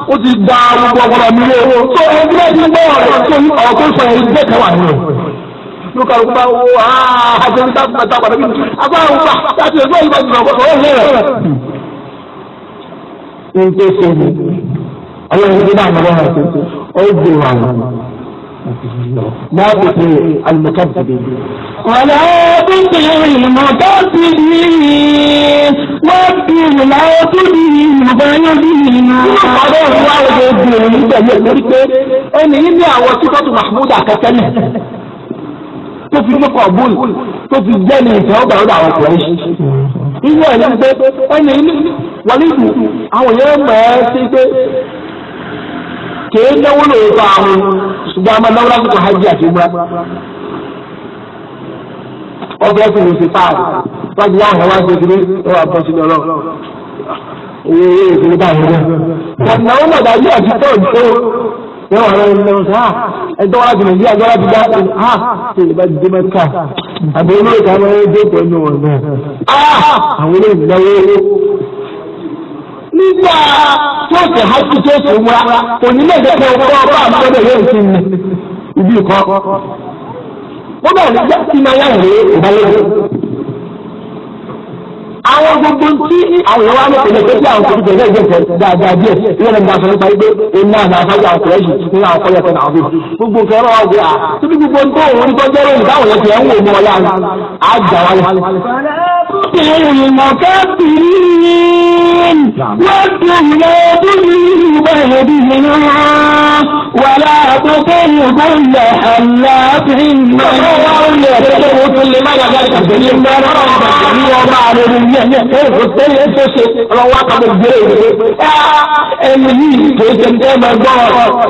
ó ti gba gbogbo ọ̀pọ̀lọpọ̀ mi lé o. tó o ní gbọ́ ọ̀rọ̀ tó ní sọ yẹn jẹ́ kẹwàá ni o. lókàlù bá wo àjẹmí tábìlì ìgbà ìgbà لا تطيع المكذبين ولا تطيع المكذبين واغفر لا تدين بيدينا ọlọ́run wá wọlé di òní pẹ̀lú ẹ̀ lórí pé ẹni yìí ní àwọn síkọ́tù mahmuda kẹtẹ́lẹ̀ tó fi dé kọ̀ọ̀bùn tó fi jẹ́ ní ìtẹ́ ọgbà ọ̀dọ̀ àwọn ọkùnrin inú ẹ̀ ló ń pé ẹni yìí wọlé ìlú àwọn yẹn mọ̀ ẹ́ sí pé kèé náwó lòótọ́ àwọn ṣùgbọ́n a máa náwó lásìkò hajj àti umra ọbẹ̀ ẹ̀sìn ní ṣe fáàlì wájú wá àwọn wájú ìdílé ẹwà bọ́ sínú ọlọ́run owó owó ìdílé báyìí rẹ̀. ìgbàdùn àwọn ọmọdé ayé àti tọ́ọ̀dù tó wọ́n wà lọ́wọ́ ilé ọ̀sán à ẹjọ́ wá láti nàìjíríà ẹjọ́ láti dá ẹ̀ à ṣe ìbá dé mẹ́ta àbẹ̀wò lóòótọ́ àwọn ẹgbẹ́ pẹ̀lú ọ̀nà àwọn olóògbé náwó nígbà tó ṣe hajj tó ṣe wúra onílẹ̀ èdè kan kọ́ ọba àmọ́lẹ̀ yóò ti ní ibi kan. ó bẹ̀rẹ̀ ní jẹ́ kí máa yá ìrèé ìbálòpọ̀. àwọn gbogbo tí àwọn èèyàn wá ní ìpínlẹ̀ pé kí àwọn tó ti bẹ̀rẹ̀ ìgbẹ́ ìfẹ́ dáadáa díẹ̀ ilé ẹni máa sọ nípa pé iná àná àfájà àkùrẹ́sì ní àwọn akọ́yẹ fẹ́ náà fún gbogbo nǹkan ọ̀rọ̀ ọ̀gbìn à tóbi gbogbo tó òun nípa jẹ́rọ ìdáhùn yẹn ti ẹ̀ ń wò mọ́ ọ̀la àjà wa ولا تطع كل حلاف مهين ẹ̀rọ tẹ́lẹ̀ tó ṣe ọlọ́wọ́ àkàbọ̀ gbére rẹ̀ ẹni yìí kò ṣe ń tẹ́ máa gbọ́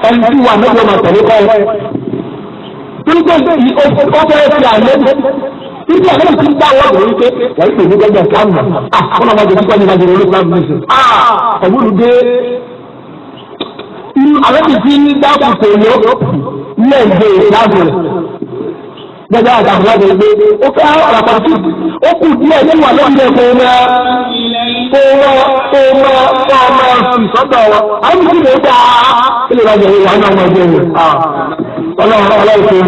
ẹni tí wà nígbà máa tẹ̀lé kọ́ ẹ. Nígbà tí ó fẹ́ fi àná Ibi àná ti ń bá wọn ah, lórí pé wọ́n ah, ti ní gbẹ́gbẹ́ sáàmù. Àwọn ọmọdé ti gbẹ́gbẹ́ náà ti rí sáàmù ní sè. Ọ̀gbọ́n dé àwọn ti fi ń dábòbò yó lẹ́yìn ìdáàbò rẹ̀ gbẹdẹ àdàbọ̀ láti gbé ó ká àràpàtì ó kù díẹ̀ nínú àlọ́ọ̀dẹ kò máa kò máa kò máa kò máa fi sọ́dọ̀ wa àwọn ìdílé ló a kí lè wájú ìwà náà wọ́n jẹ́ ìwé ah. ọlọ́run ọlọ́run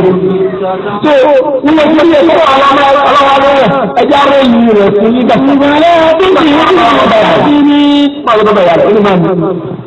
tó tó nínú ìdílé yẹn tó wà lọ́wọ́ lọ́wọ́ ẹjẹ́ àárẹ̀ yìí rẹ̀ fún yín dà. ìgbàlẹ́ ọdún yìí ó ti bàbá yàrá ó ní máa mi.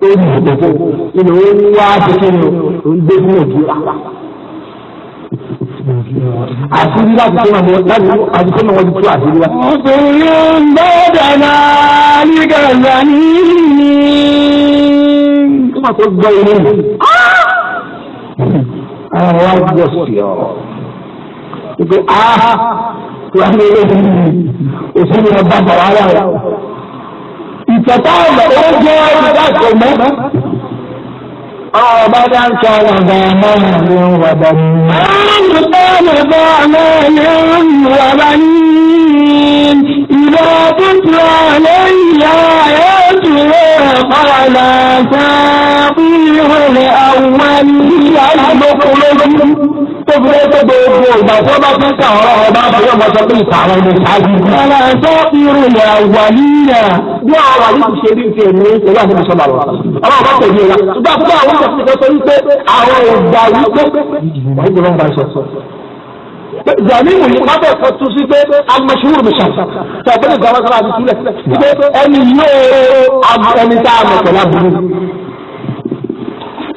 tó ń bọ̀ fún inú ó ń wá tuntun ní ó ń gbé fún nàìjíríà. Àṣírí láti tó máa mọ láti àti tó máa wọ́n ti tó àṣírí wa. Ọkùnrin ń bọ́ dàda nígbà ìgbàní. Kí màá tó gbọ́ ilé yìí? Ah! Àwọn wa gbọ́ sí ọ. Ìgbé ah! Wọ́n á ní ilé yìí. Òṣèlú ọba bàbá wà. Bàbá ọ̀nà ó jẹ́ ìdájọ́ mọ́. Ọba dá ń sọ wàdà náà ní wàdà ní. Ààrùn bá bàbá náà ní wàdà ní. Ìlọ bùtù àlẹ́yìn ayé tùrọ̀ ọ̀pọ̀lọpọ̀ sábìrì àwọn ìyá ìlú kọlọ́dún tóbi lẹ́yìn tó gbogbo ìgbà tí wọ́n bá tún kà ọ̀rọ̀ ọ̀rọ̀ bá fi ọmọ sọ pé ìtàwọn ẹni ṣáájú. ọ̀rọ̀ ẹ̀sọ́ irú rẹ̀ wà níyà. bí àwọn àlè ti ṣe bí ti èmi pẹ̀lú àti ìṣọ́ba rẹ̀ ọ̀rọ̀ bá tẹ̀lé wa ṣùgbọ́n fún àwọn ìṣẹ̀ṣẹ̀ sọ wípé àwọn ìgbà wípé wọ́n gbọ́dọ̀ ń bá sọ jamiu yìí wọn bẹ fọ tusi pé amasiwuru mi sàn sàgbẹ́ni gbàgbọ́ sábà ti túlẹ̀ pé ẹni yóò ẹni tá a mọ̀ pẹ̀lú àbúrò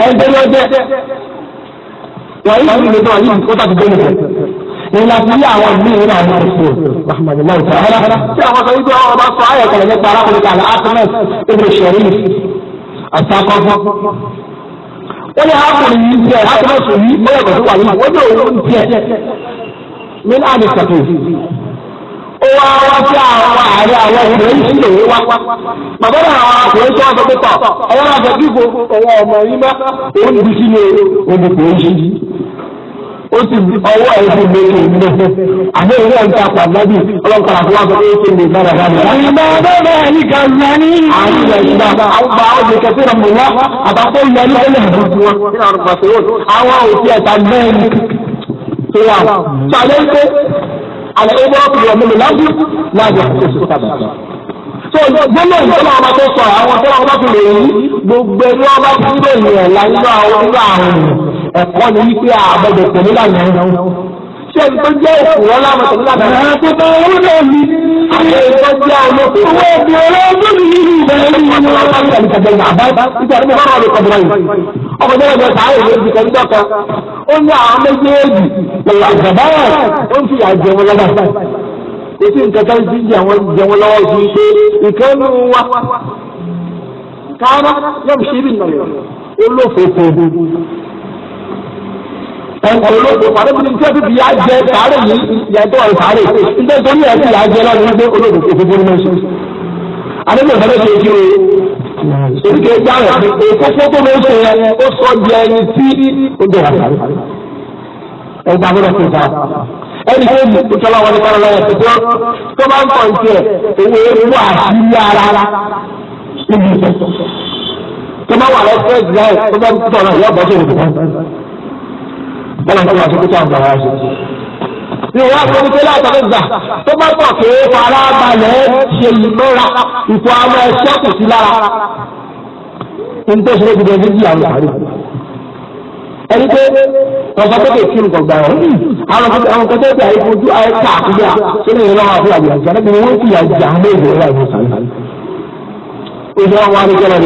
ẹni tẹ́lẹ̀ ọjọ́ wà á yìí lọ́dọ̀ yìí ó tàbí gbé nìkan. ìlà tí yí àwọn ìlú yìí náà ní ọ̀sùn mahamadu náà ta ara tí àwọn sọ sọ ayọ̀ kan nípa arákùnrin kan ahmed ibn sharif asakọ́fọ́. ó ní arákùnrin yìí tiẹ̀ ahmed ó wá wá sí àwọn ààrẹ àwọn ọkùnrin yìí lè wá. bàbá náà àwọn ọkùnrin tó wà sọ pé tọ̀ ọwọ́ náà sọ kíkó ọwọ́ ọmọ yìí má òun ti sí ní olùkọ́ yìí. ó sì ọwọ́ ẹ̀ ti lè lè lè àbẹ́ ìwé ẹ̀ ń ta pàdánù ọlọ́kàrà tó wà sọ pé ó ti lè dára dára. ìgbà bẹ́ẹ̀ ni gàdúrà ní. àwọn ìgbà ìgbà àwọn ọ̀dẹ̀ kẹfẹ́ rẹ̀ mọ̀ wá àbáfẹ́ ìyá ní ẹlẹ́ àwọn òsì ẹ̀ta mẹ́rin tó wà. sàlẹ́ pé àlẹ́ owó ọ̀pọ̀lọpọ̀ mélòó lábú láàbù àkókò tàbí. tó gbọ́dọ̀ ìjọba àwọn tó sọ àwọn tó wọn bá fi lè yí gbogbo ẹni wọn bá fi lè yàn láyé àwọn nínú àwọn ẹ̀kọ́ ni wípé àbọ̀dọ̀ tẹ̀lé lànà ṣé ẹni tó jẹ́ òkú wọn láwọn tẹ̀lé lànà àwọn ìtọ́jú àmọ́ owó ẹ̀bùn ọlọ́dún ní ìlú ìbẹ̀rẹ̀ ní ìlú ọlọ́dún ní ìbẹ̀rẹ̀ ní àbá ìtọ́jú ọmọ ọmọ ọmọ ọmọ yìí ọmọ tó lọ́jọ́ sáré ìwé ti kọ́ nígbà kan ó ní àwọn méjèèjì pẹ̀lú àgbàbá ó ń fi àjẹ wọn lọ́dà ètí nǹkan kan ti jẹ wọn jẹ wọn lọ́wọ́ sí pé ìkànnì wa kára yóò ṣe é bí nàlẹ́ olófòfò ẹ̀kọ́ olóògbé pàdébí tí wọ́n ti fi yá jẹ sáré yìí yàtọ̀ ọ̀rọ̀ sáré nígbà tó ní ẹ̀sìn yá jẹ lọ́dún wípé olóògbé kò fún fún mẹ́sàn. àdébò ìfẹ́ lọ́sẹ̀ èké o èké dáhùn èkó fótó mẹ́sàn yẹn ó sọ di ẹni tí ó jẹ àtàrí. ẹgbẹ́ àbúrò kò dáa ẹni tó mú kí ọlọ́wọ́ ní kọ́lọ́ lọ́wọ́ tó tó bá ń kọ́ ìṣe owó ewu àṣírí ara níbi tó tó bá ń tọ̀nà bọ́lá tó wà sí kótó àgbà wá sí. Ní ìwà àti oníṣẹ́ látàrí gbà tó bá gbà pé farabalẹ̀ ṣe ìmọ̀ra ìfọ̀ àwọn ẹ̀ṣẹ́ kò sí lára. Ní tó ṣe é gbogbo ẹgbẹ́ ìyàwó àárẹ̀ ẹni pé ọ̀sán tó kéèké nǹkan gbà ọ́ àwọn àwọn kan tó ti fojú àyè ká àkúgbà tó ní ìlànà àfúlà àjà níbi wọn ti àjà ní ìlú ìlà ìlú ìjọba wa ni kẹlẹ̀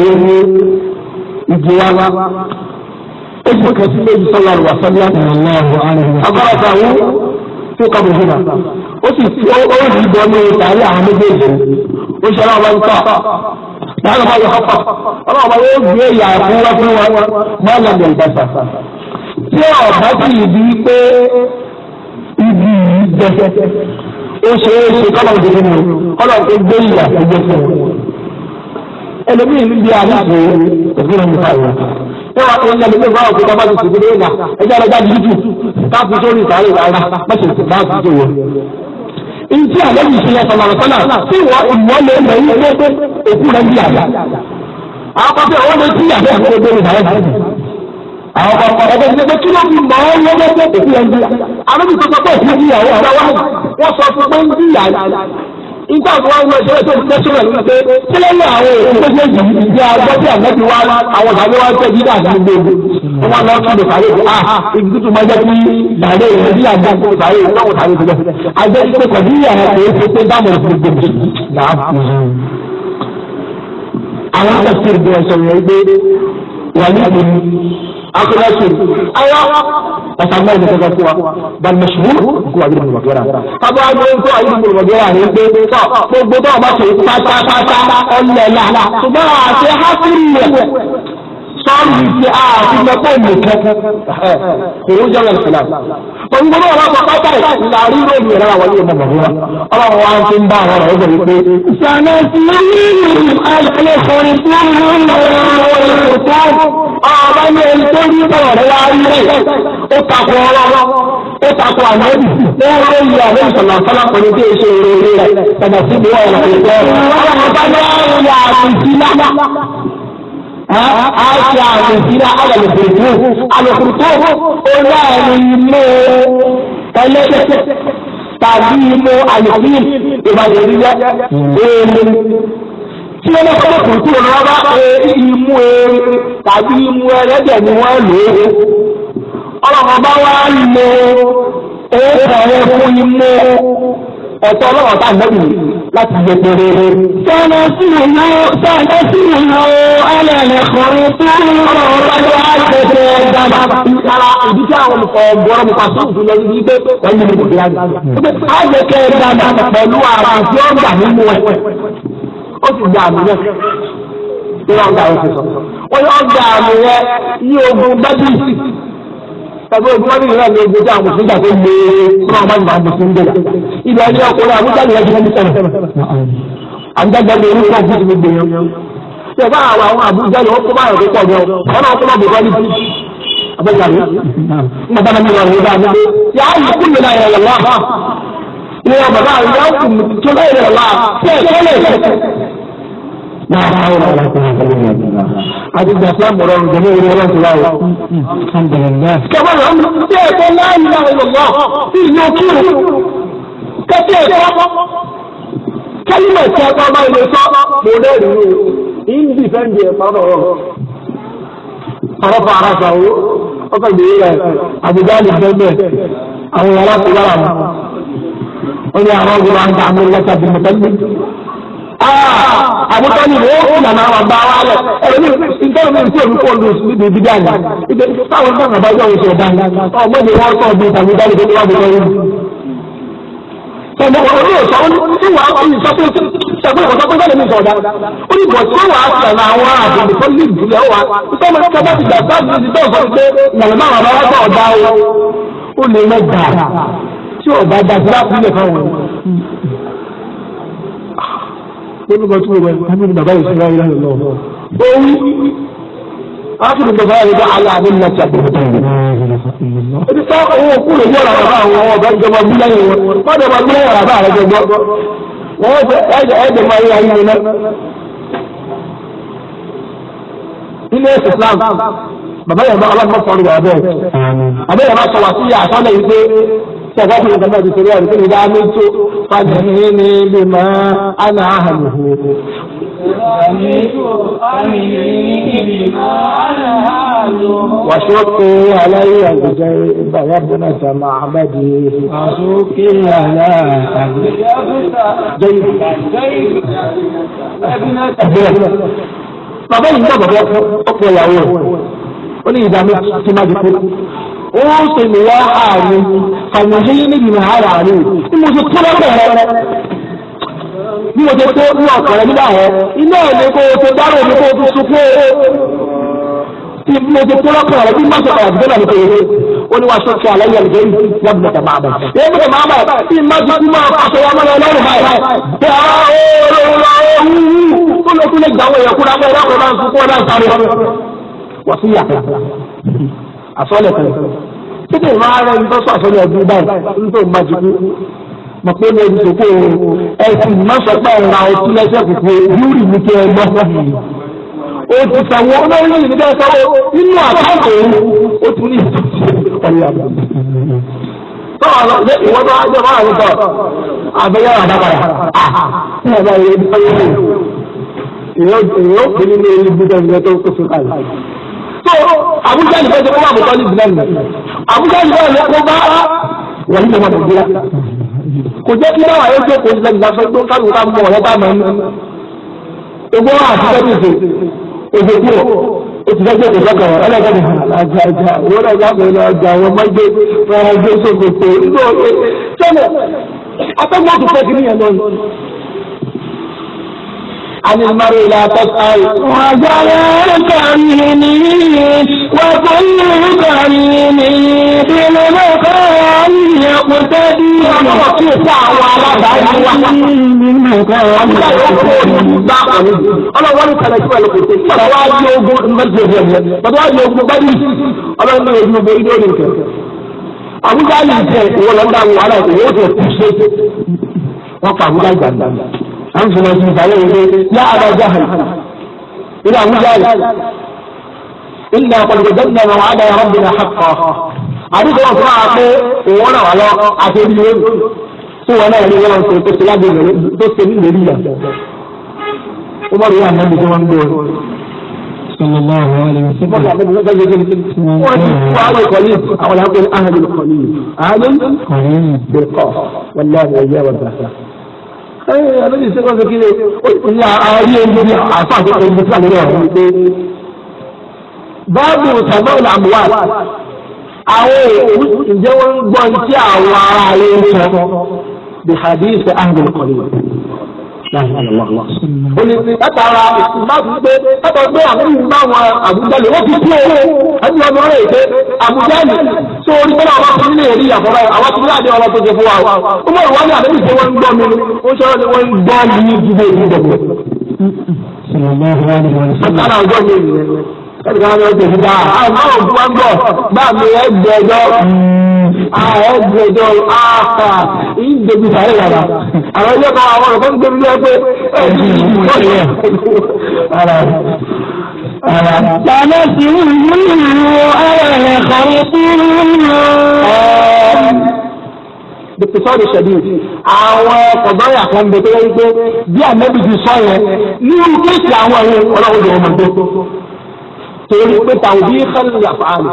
oṣù kan sí méjì sọ́lá rẹ̀ wàsánlá agbára sàwọn tó kàbọ̀ fún wa ó sì fi ó rí bọ́ ní ìtàrí àwọn méjèèjì ó ibi mi wọ́n wá tó ń yẹlu pé báwọn fún ti sùn ní ìlà ẹjọ́ ọ̀rọ̀ jáde jù sórí ìtàrí ìlara mọ́sẹ̀ tó bá àbújọ wọn. ìtí àlejò ìṣẹ̀lẹ̀ sọlọsọlá tí wọn ìwọ lè lè ní pé òkú rẹ ń di àwọn kan fẹ́ wọ́n lè tí àbẹ́ àkókò dé ìlà rẹ̀. àwọn kan kọ̀ ọ̀gá ìdílé kí ló fi mọ̀ ọ́ pé òkú rẹ ń di àgbà. àlejò tó sọ pé òkú nígbà tó wá ń lọ ìṣẹ́lẹ̀ tó ń tẹ́sí rẹ̀ lónìí pé kílẹ̀ ní àwọn èèyàn méjèèjì ìdí àgbọ̀ tí àwọn ti wá àwọn ìdàgbé wá ń tẹ́ dídà ní gbogbo wọn wá lọ sí ìdò sàré ìdò ah ibi tuntun máa jẹ́ kí dàdé ìrìn bí àgbà ìdò sàré ìdò náà sàré ìdò àjẹ́ ìpè kọ̀dí ìyàrá kò é ṣe pé dáàmú gbogbo náà. àwọn akẹ́kọ̀ọ́ أقول لكن أيوة أسمع إذا كذا كوا بل مشهور كوا عبد الله وغيره أبو عبد الله كوا عبد الله وغيره يبدو كوا بدو ما شيء تا تا تا تا ألا لا لا سبحان الله tọ́lù ah, ti àti mẹ́kọ́ nìkan kòrò jẹ́wọ́ ìsìlá. Òǹgbọ́n náà wọ́n pàpà báyìí láàrin ìlú èmi ìlànà wọlé ìmọ̀ mọ̀mọ́ra. Ọlọ́run wa ń fi ń bá àwọn ọ̀rọ̀ ìgbà wípé. Ìṣànà ti lóyún àlẹ́ kọrin tó ń lò lọ́wọ́ ìrọ̀tọ́. Ọba ní ẹni tó rí bọ̀rọ̀ rẹ̀ wá rí rẹ̀. Ó takò ọlọ́ ó takò àwọn ẹbí. Wọ́n rẹ̀ yí àwọn ìṣọ̀nà àfọlá pẹ̀lú bí èso èrè rẹ̀. Tẹ̀lẹ̀ sí ìwọ̀n ọ̀rọ̀ ìgbà. Ọlọ́run bá ní àwọn ìyá àrùn ìdílá. àti àwọn ìsira alàlùfẹ̀tù alùfẹ̀tù olóòrùn ilé tàbí ìbàdàn tí tó lọ́wọ́ bá imú tàbí imú ẹlẹ́dẹ̀ ni wọ́n lò ó bá wá fún imú tá a láti yẹ péré. sọ́nà sí ìlú sọ́nà sí ìlú ẹlẹ́lẹ̀ kọrin fún ọ̀rọ̀ àgbẹ̀fẹ̀ dàgbà. ara ìdí tí àwọn olùkọ́ gbọ́rọ̀ mi pàṣẹ ìdílé yìí pé wọ́n yẹ kó bí àgbà. àgbẹ̀fẹ̀ dàgbà pẹ̀lú ara tí ó gbà nínú ẹ̀. ó sì gbà mí náà ní wọ́n gbà ó sọ. wọ́n yọ gbà mí yẹ ní ogun bẹ́bí tàbí ogun wọn nílùú náà ní ogun tí àwọn mùsùlùmí gbà tó lé fún àwọn báyìí àwọn mùsùlùmí gbèjà ilẹ̀ ayé ọkùnrin àbújá ni ẹjọ́ ní sẹ́wọ̀n àbújá gbẹ̀gbẹ̀ orúkọ ọ̀gbìn ti gbogbo yẹn tẹ̀bá àwọn àbújá yẹn ó kó báyọ̀ tó pọ̀ gan ọ̀nà ọ̀tún náà bùkọ́ níbi abẹ́kàrí nígbàtà náà nínú ọ̀rọ̀ ìdáná yà á yìí kúndùn náà yẹn lọ́wọ́ ilé ọ̀bàbá àwọn yà á kùn tó láàárọ̀ àwọn ọ̀rọ̀ àti ìgbàlódé rẹ̀. àti ìgbàsá mọ̀rọ̀ ìgbàlódé rẹ̀ wọ́n ti láàyè. kẹfà lọ sí ẹgbẹ́ láàyè láàyè lọ́wọ́ sí ìlú kíru kẹfẹ́ ẹ̀kọ́ kẹ́límẹ̀ tí ẹgbẹ́ ọba ilé sọ mo lẹ́rìí o ìndí fẹ́ǹdì ẹ̀ pàrọ̀ ọ̀rọ̀ àrọ́fà àràfà o ọkọ̀ ìgbéyàwó àbújá lè àbútọ́ ni wọ́n fi ìlànà àwọn àgbà wa ẹ̀rọ ní ìtọ́rọ mi tí èmi kò lù níbi ìbílẹ̀ àná ìgbé táwọn náà nàbà yọ̀ oṣù ọ̀dà ọmọ mi wá sọ ọdún ìtàgé dáre tó wà lọ́wọ́ yìí. Sọ̀rọ̀ ọ̀rọ̀ yóò sọ ní wàá fi ìsọpọ̀ ìsọpọ̀ ìsọpọ̀ ìsọpọ̀ ìsọpọ̀ ọ̀dà. Ó ní bọ̀ tí wàá àwọn tó ní ìdílé wa. sáà ti pé wà o. Ó lè tí olùkọ́ tí mo bẹ kábíyèsí bàbá yìí sọ́ra yìí lánàá lọ́wọ́. ó wí ákùnrin bàbá yìí bá àlà àbí ńlá ti àbẹ̀wò báyìí. ebi sá owó kú lè yọ̀rọ̀ àbá àwọn ọ̀bẹ ìjọba bíláyìn wọn wọ́n dẹ̀ máa bíláyìn àbá àrẹ jọgbọ́. wọ́n jẹ ẹ̀jẹ̀ máa yẹ ayé iná. ilé ẹ̀sìn Islam bàbá yẹn bá ọlọ́mọ fọ́ọ̀rù sọfọ́tò ìjọba ti torí ọ̀rẹ́ ìdá méjì fàdàmí ní bí mọ́ àná àhàlùhù. وشكي علي بجيب ابنة معبدي وشكي على جيب بابا ينتبه بابا يقول يا ولد قولي إذا مت سمعت wọ́n sì ní wá àwọn ẹ̀yẹ níbi ní ara ààrùn bí mo ṣe tó lọ́pẹ̀rẹ́ bí mo ṣe tó ní ọ̀pẹ̀rẹ́ nígbà yẹn iná ẹ̀ ní kó o ṣe dárò ní kó o tún sunkún o tí mo ṣe tó lọ́pẹ̀rẹ́ bí má ṣe kọ̀ àdúgbò náà ní ó ní wàá ṣe tó àlẹ́ yẹn lè wọ́n mú ọ̀tà máa bọ̀ èyí mú ọ̀tà máa bọ̀ tí má ti kú máa pàṣẹ wọn mọ́lẹ̀ ọlọ́run báyìí bẹ́ẹ̀ àsọlẹ̀ kan títí ìmọ̀ ara ẹni tó sọ àsọlẹ̀ ọdún báyìí nítorí òun bá ti kú mọ̀ pé ní ẹni sòkò ẹ̀sìn mọ́sọ̀pẹ́ ra ọtí lẹ́sẹ̀ kòkó yúrì ní kí ẹ gbọ́. o ti sanwó olóyún ní bẹ́ẹ̀ sanwó nínú àkáǹtì òun ó tún ní ìtọ́jú tọ́wọ́ ìwọ́n tó wájú ọmọ àwọn ọ̀tọ̀ àbẹ̀yẹ àdápadà ní ọ̀dọ̀ ìwé ìdíkọ́ yẹn ìwọ́n ìwọ́n fi nínú ilé gbígbẹ́ ìgbẹ́ tó kó sókàlì tó àbújá ìfẹ́ tó wà bùkọ́ níbi náà nìyẹn àbújá ìfẹ́ ló kó bá wà ní ìjọba nàìjíríà kò jẹ́ kí náà ayé jókòó ìlẹ̀ ìgbàsọ tó kálù ká mú ọ̀rẹ́ bá mọ̀ ní. egbò wà àti fẹ́ tètè èdè kú ọ̀ o ti fẹ́ tètè sọ́kàn ọ̀ ẹlẹ́gbẹ̀rẹ̀ àjà àjà owó náà yàgbẹ́ náà àjà àwọn ọmọdé wọn á gbé sókòtò ìlú ọ̀rẹ́ sẹ́lẹ̀ atẹ́gbọ́n ti fẹ́ kí عن المرء لا تسأل وجعل كريمي وكل كريم بالمقام يقتدي ọlọ́wọ́ ní kàlẹ́sí wà lóko tó kí ọ̀rọ̀ wá di ogun mẹ́tìrì ẹ̀fẹ̀ yẹn bàtà wá di ogun bá dì í ọlọ́wọ́ ní ogun bó ilé òní kẹ. àbújá yìí jẹ ìwọlọ́dà wàhálà ìwọ́n ti ẹ̀ kú ṣe wọ́n pa àbújá gbàgbà àwọn sọ̀rọ̀ sí ìbàlẹ̀ yìí pé yá àbá jáhàn ilé àwọn jáhàn ilé àpọ̀lọpọ̀ jẹ́nà àwọn àdá ẹ̀rọ bìnà àkọ́ àdúgbò wọn fún wa pé òun náà wà lọ àti ebi lórí tí wọn náà ní wọn sọ tó ṣe lágbè lórí tó ṣe nílé rí yà ó bá rí àwọn ẹni tí wọn ń gbé wọn. صلى الله عليه وسلم. وأهل القليل أو أهل القليل أهل القليل بالقاف والله وإياه والبركة ẹ̀yìn ẹ̀lẹ́yìn ṣe kọ́sọ̀ kí ní àwọn ilé ní àfáà tó kọ́ ìgbésí àlẹ́ ọ̀hún wípé báàbù tàbáwìlì àmúwà àwọn ìjẹ́ wọ́n ń gbọ́ tí àwọn ará ayé ń sọ bí hadith ahmed kọ́lé ó lè fi látara ìsìnbáàbù pé látọ̀ pé àwọn ìgbàwọn wọ́n fi kú owó àti ọmọ rẹ̀ pé àbújá tó orí pé àwọn akọni lè rí àbọ̀rọ̀ àwọn akọni láti ọ̀rọ̀ tó ṣe fún wa. ó mọ̀ ìwádìí àdébì pé wọ́n ń gbọ́ mi ni ó ṣe wọ́n ń gbọ́ mi ní ìdílé ìdílé. látara ọjọ́ mi nìyẹn. ẹ̀ka ni ọjọ́ ìdílé. àwọn òkú wa ń bọ̀ bá mi ẹgbẹ̀ẹ́jọ́ àwọn ọgbẹjọ àfà ìdèbí sàrẹ yàrá àwọn ilé kan àwọn ọ̀rọ̀ kan ń gbẹ̀rù lẹ́yìn pé ẹ̀jì wọ́n yẹ. Bàbá sì ń mú ìlú ayẹyẹ kan fún mi bìtìsọ́ọ̀dì ṣẹ̀dí àwọn ọ̀gbọ́nrin àkànbẹ tó yẹ pé bí àmọ́bí ti sọ yẹn ní kéèkì àwọn ẹ̀yìn ọlọ́run ló mọ̀ tó torí pé tàwọn bí kálí àfáàlù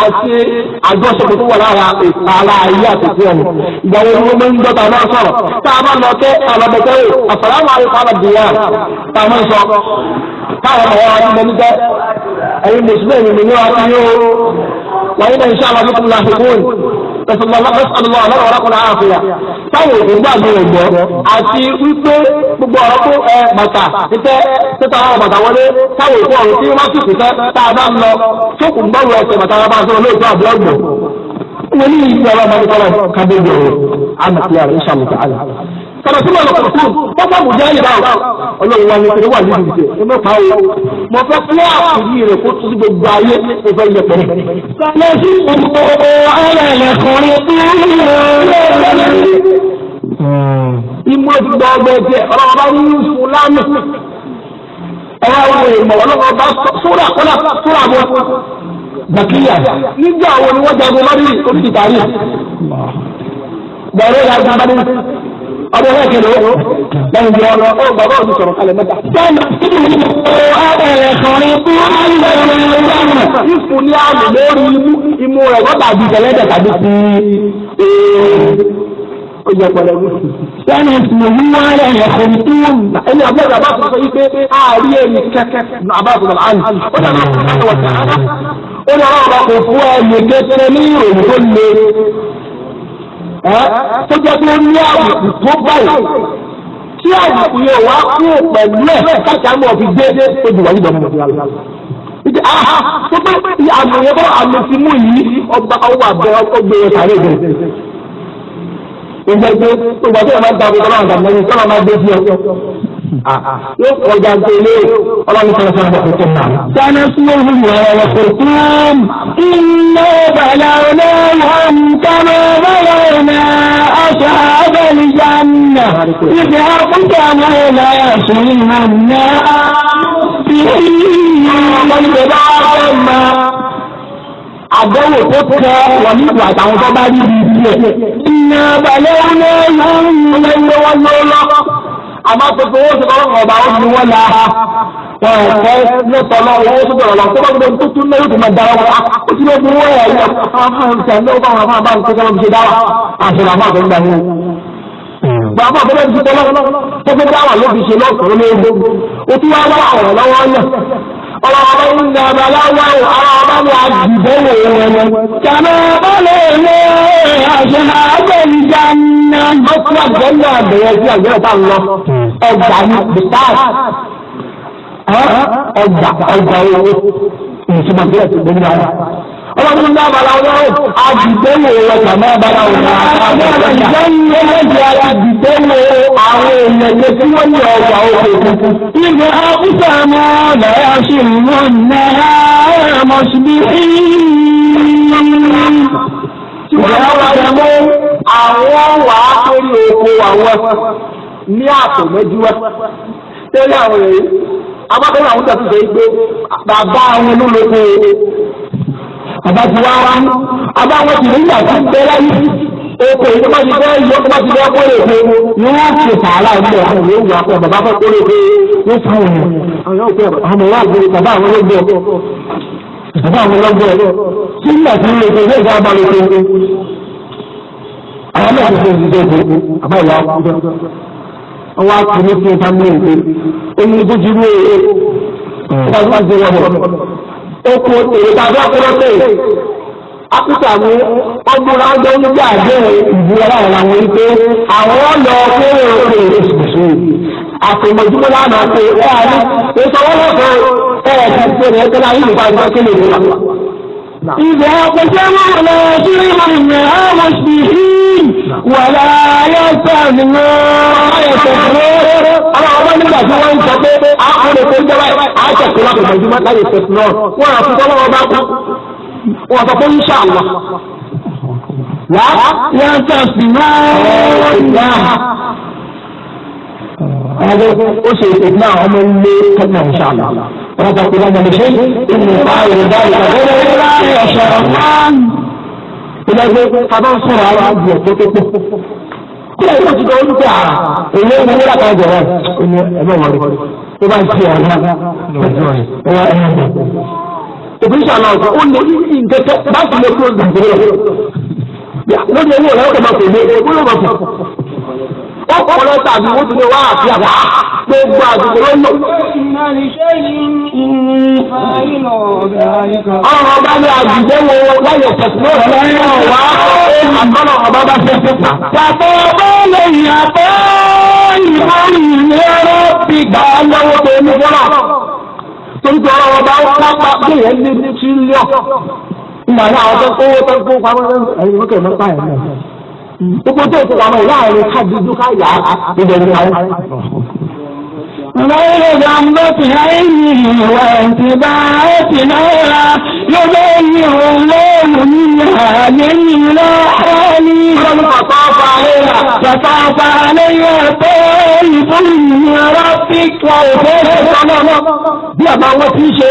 àti àjọṣepọ̀ tó wà lára ìpara ayé àtẹ̀tẹ̀ ọ̀nà ìgbà wo ni wọ́n máa ń dọ́ta náà sọ̀rọ̀ tá a bá lọ kẹ́ àlọ́bẹ̀tẹ́ rẹ̀ àfàlámà àyíká àlọ́bìyà tá a máa ń sọ táwọn ọmọ wa ń bẹ níbẹ̀ ẹ̀yin mùsùlùmí ni wọ́n á ti yóò wáyé náà ń ṣe àwọn nẹ́sùn lọ́wọ́ nẹ́sùn lọ́wọ́ ọlọ́run ọlọ́kùnrin àáfíà táwọn òkú gbàgbọ́ ògbọ́ àti wípé gbogbo ọ̀rọ̀ tó ẹ bàtà títẹ́ títà àwọn bàtà wọlé táwọn òkú ọ̀run tí wọ́n sì kù tẹ́ tá a bá ń lọ tó kù ń ẹsẹ̀ bàtà bá wọ́n ní ìgbà kàbàtí wọn lọ kọ̀ọ̀kú bọ́pọ̀ kò jẹ́ ìbá ọlọ́run wa ni kò ní wà nínú ìjẹ ẹ mọ̀ pa o mọ̀ fẹ́ fún àkùrí rẹ̀ kó tún gbogbo ayé kó fẹ́ yẹ pẹ̀lú. kàlẹ́sì gbogbo ara rẹ̀ kọrin ìmọ̀ ìgbà ọgbẹ́ jẹ ọlọ́run bá ń fún lánàá ọwọ́ àwọn èèmọ̀ ọlọ́run bá sóra kọ́lá sóra bọ́ gbàkíyà nígbà wo ni wọ́n jagun lọ́dún orí ti tààrí. bẹ̀rẹ̀ ìyá ọmọ wọn kẹlẹ o lẹ́yìn ìyá ọ̀rọ̀ ọ bàbá òdu sọ̀rọ̀ kalẹ̀ mẹ́ta. sọ́nà ọ̀rẹ́ kọrin fún ọ̀rẹ́ ìfún ní àmì lórí imú imú rẹ̀ rọ́bà bíi tẹ̀lẹ́dẹ̀ tàbí ti ojú ọpọlọ wí. lẹ́nu ìsìn òwú wá lẹ́yìn ẹ̀kọ́ ní tó wù. ẹni àbúrò àbá sọ yí pé àárí ẹni kẹ́kẹ́ àbá àbúrò àlù. ó ní àwọn ọmọ kò fún ẹni kẹ́kẹ́ ní ìròyìn tó le tó jẹ́ pé ó ní àwùjọ tó báyìí tí àwùjọ yẹn wá kú pẹ̀lú ẹ̀ káàkiri àmọ́ ọ̀fi dé ó jù wáyé dọ̀mọ́ ìdí aha tó bá àmì yẹn bá àmì ti mú yìí ọba ọwọ́ àbẹ ọgbẹ yẹn sàré bẹ ìgbẹ́gbẹ́ ìgbà tó yẹ máa ń ta àgbà mẹ́rin tó máa gbé bí ọ yóò kọjá gbélé ọlọ́run kan fún ọkọ̀ tó náà. dáná súnmọ́ ìlú ìwà ọ̀rọ̀ kò tún iná bàlá ọ̀nà ìhàmùkámọ́ bàlá ọ̀nà aṣọ abẹ́lí jáná. ibi àkúkọ àwọn ẹ̀là ẹ̀sùn ìhàmùná. ọlọ́run bá wà máa àdánwò tó kọ wọ̀nyí ìwà àtàwọn tó bá rí ibi ìdílé. ìyá balẹ̀ wọn náà yóò ń lé wọn lọ́wọ́ àmọ́ gbogbo owó tó tọ́lọ́ ọ̀bà ó ní wọ́n la wọn ò fẹ́ ní owó tó tọ́lọ́ tó bá gbogbo tó tún náà yóò tún máa dára wọn ó ti lè mú owó ẹ̀ yọ àwọn ìṣàlẹ̀ ọba àwọn bàbá àbẹ̀rẹ̀ ti tọ́lọ́ tó fẹ́ dáwà ló fi ṣe lọ́sọ̀rọ̀ lóògùn ó tún wá wá ọ̀rọ̀ lọ́wọ́ ọlọ́wọ́ ń da babaláwa o ara ọba mi wò wọ́n. kàmá bọ́lá ilé àṣẹ àgbẹ̀lì dáná. ó tún àgbẹ̀lì àbẹ̀yẹ sí àgbẹ̀lì tá ń lọ ọjà ní bìtáà ọjà ọjà owó ìtumọ̀ bí ẹ̀ ti ara ọlọ́run ní abala wọn àdìgbẹ́wò rẹ̀ kàmá abala wọn. àdìgbẹ́wò ẹlẹ́dẹ̀ àdìgbẹ́wò àwọn èèyàn yẹn tí wọ́n ní ọgbà òkè tuntun. ìgbà àbúṣà máa bẹ̀rẹ̀ ṣì ń náà mọ̀ṣíbí ṣùgbọ́n wọ́n ti àwọn wà á torí oko àwọn ní àtọ̀mọ́júwẹ́ tẹ́lẹ̀ àwọn èyí abákẹ́lẹ́ àwọn tẹ̀síṣẹ́ yìí bàbá àwọn olólùkọ́ bàbá ti wá wá abá wọn ti nígbà tí ń bẹ́rẹ́ yìí oko yìí tó ti bẹ́ẹ̀ yọ tó ti bẹ́ẹ̀ kó lè ni wọ́n ti sàárà ilé àwọn yóò wà pé bàbá fẹ́ kó lè ní fáwọn yẹn àwọn yóò pe bàbá àwọn yóò gbẹ bàbá àwọn yóò gbẹ nígbà tí ń lè pe ilé bá lè pe àwọn náà ti fi ìdíje ìdíje àbá ìyá ọwọ́ àkùnrin fún ìfàmìlì ìdíje ó ní bójú ní èyí ó oko ìtajà kúrọ́tẹ̀ áfíríkà ní ọdún ránṣẹ́ nígbà jẹ́ ìbúra láwọn àwọn wípé àwọn lọ kéré òkè èsìkèsì àtòmọ̀júmọ́ lánàá pé ẹ̀ àní èso wọ́n lọ́kọ̀ọ́ ẹ̀ ẹ̀ ti ṣe rẹ̀ ẹ́ tẹ́lá yìí nípa ìgbà kí lè rí wa. إذا قسم على منها مصبحين ولا يسأل ما يسألون àwọn nígbà tí wọ́n ń sọ pé àwọn ètò ìjọba àtẹ̀kù láti gbàdúrà láyé tẹ̀sí náà wọ́n á fi tọ́lọ́wọ́ bá kú wọ́n sọ pé ń ṣà wà. Wà á yàtọ̀ sí náà wọ́n ń gbà ó ṣe ìpèkúnmọ́ àwọn ọmọ ilé kọ́nà ìṣàlá wọn kà pé wọn mọ̀ ṣe ìmú báyìí báyìí àgbẹ̀rẹ̀ báyìí ọ̀ṣọ́ ìlẹ́gbẹ́ ká bá ń sọ̀rọ̀ àwọn àgbẹ̀ tó tó pọ̀ kílẹ̀ yóò ti dọ̀wọ́ nípa èyí ń wúlò àtàwọn jọ̀wọ́ ẹ̀ ẹ̀bẹ̀ wọlé tó bá ń ṣe ọ̀nà ẹ̀wọ̀ ẹ̀yà òfìsà náà sọ ó lè ní nkẹ́kẹ́ bá ti lè kúrò dùn kúrò lọ. wọ́n ti ẹ̀wọ̀ ọ̀rẹ́ ọ̀kẹ́ máa fò wọ́n kọ́ tàbí wọ́n tún lè wá àfi àbá gbogbo àdúgbò ló lò. ọ̀rọ̀ ọba ni àdìgbò wo láyé ọ̀sẹ̀sẹ̀ náà ló ń rìn wá àkọ́nà ọba bá fẹ́ fẹ́ fà. Bàbá ọba lè yàtọ̀ ìwọ ìlera bí gbà lọ́wọ́ tó ní fọ́nà. Torí pé ọ̀rọ̀ ọba ó pápá bí ẹ̀ ní tírílíọ̀n. Ìgbà náà àwọn tó tó kó pamọ́ ẹ̀yìn mọ́kẹ́ mọ́ta ẹ̀ náà gbogbo tó ti pamọ́ ìyá ká dúdú ká yà á ibẹ̀ ni àwọn. Lọ́wọ́ ìdánwò ti láyé ní ìwà ìtìbá ó ti náírà yóò bẹ́ ní òun lóòrùn ní ààyè ní lọ́wọ́ ní. Ọlọ́run bàbá ọba àlẹ́yà. Bàbá ọba àlẹ́yà tó ìbúrú ìyẹn rọ́pì kan òfin ìtọ́nà náà bí àbáwọ̀ ti ṣe.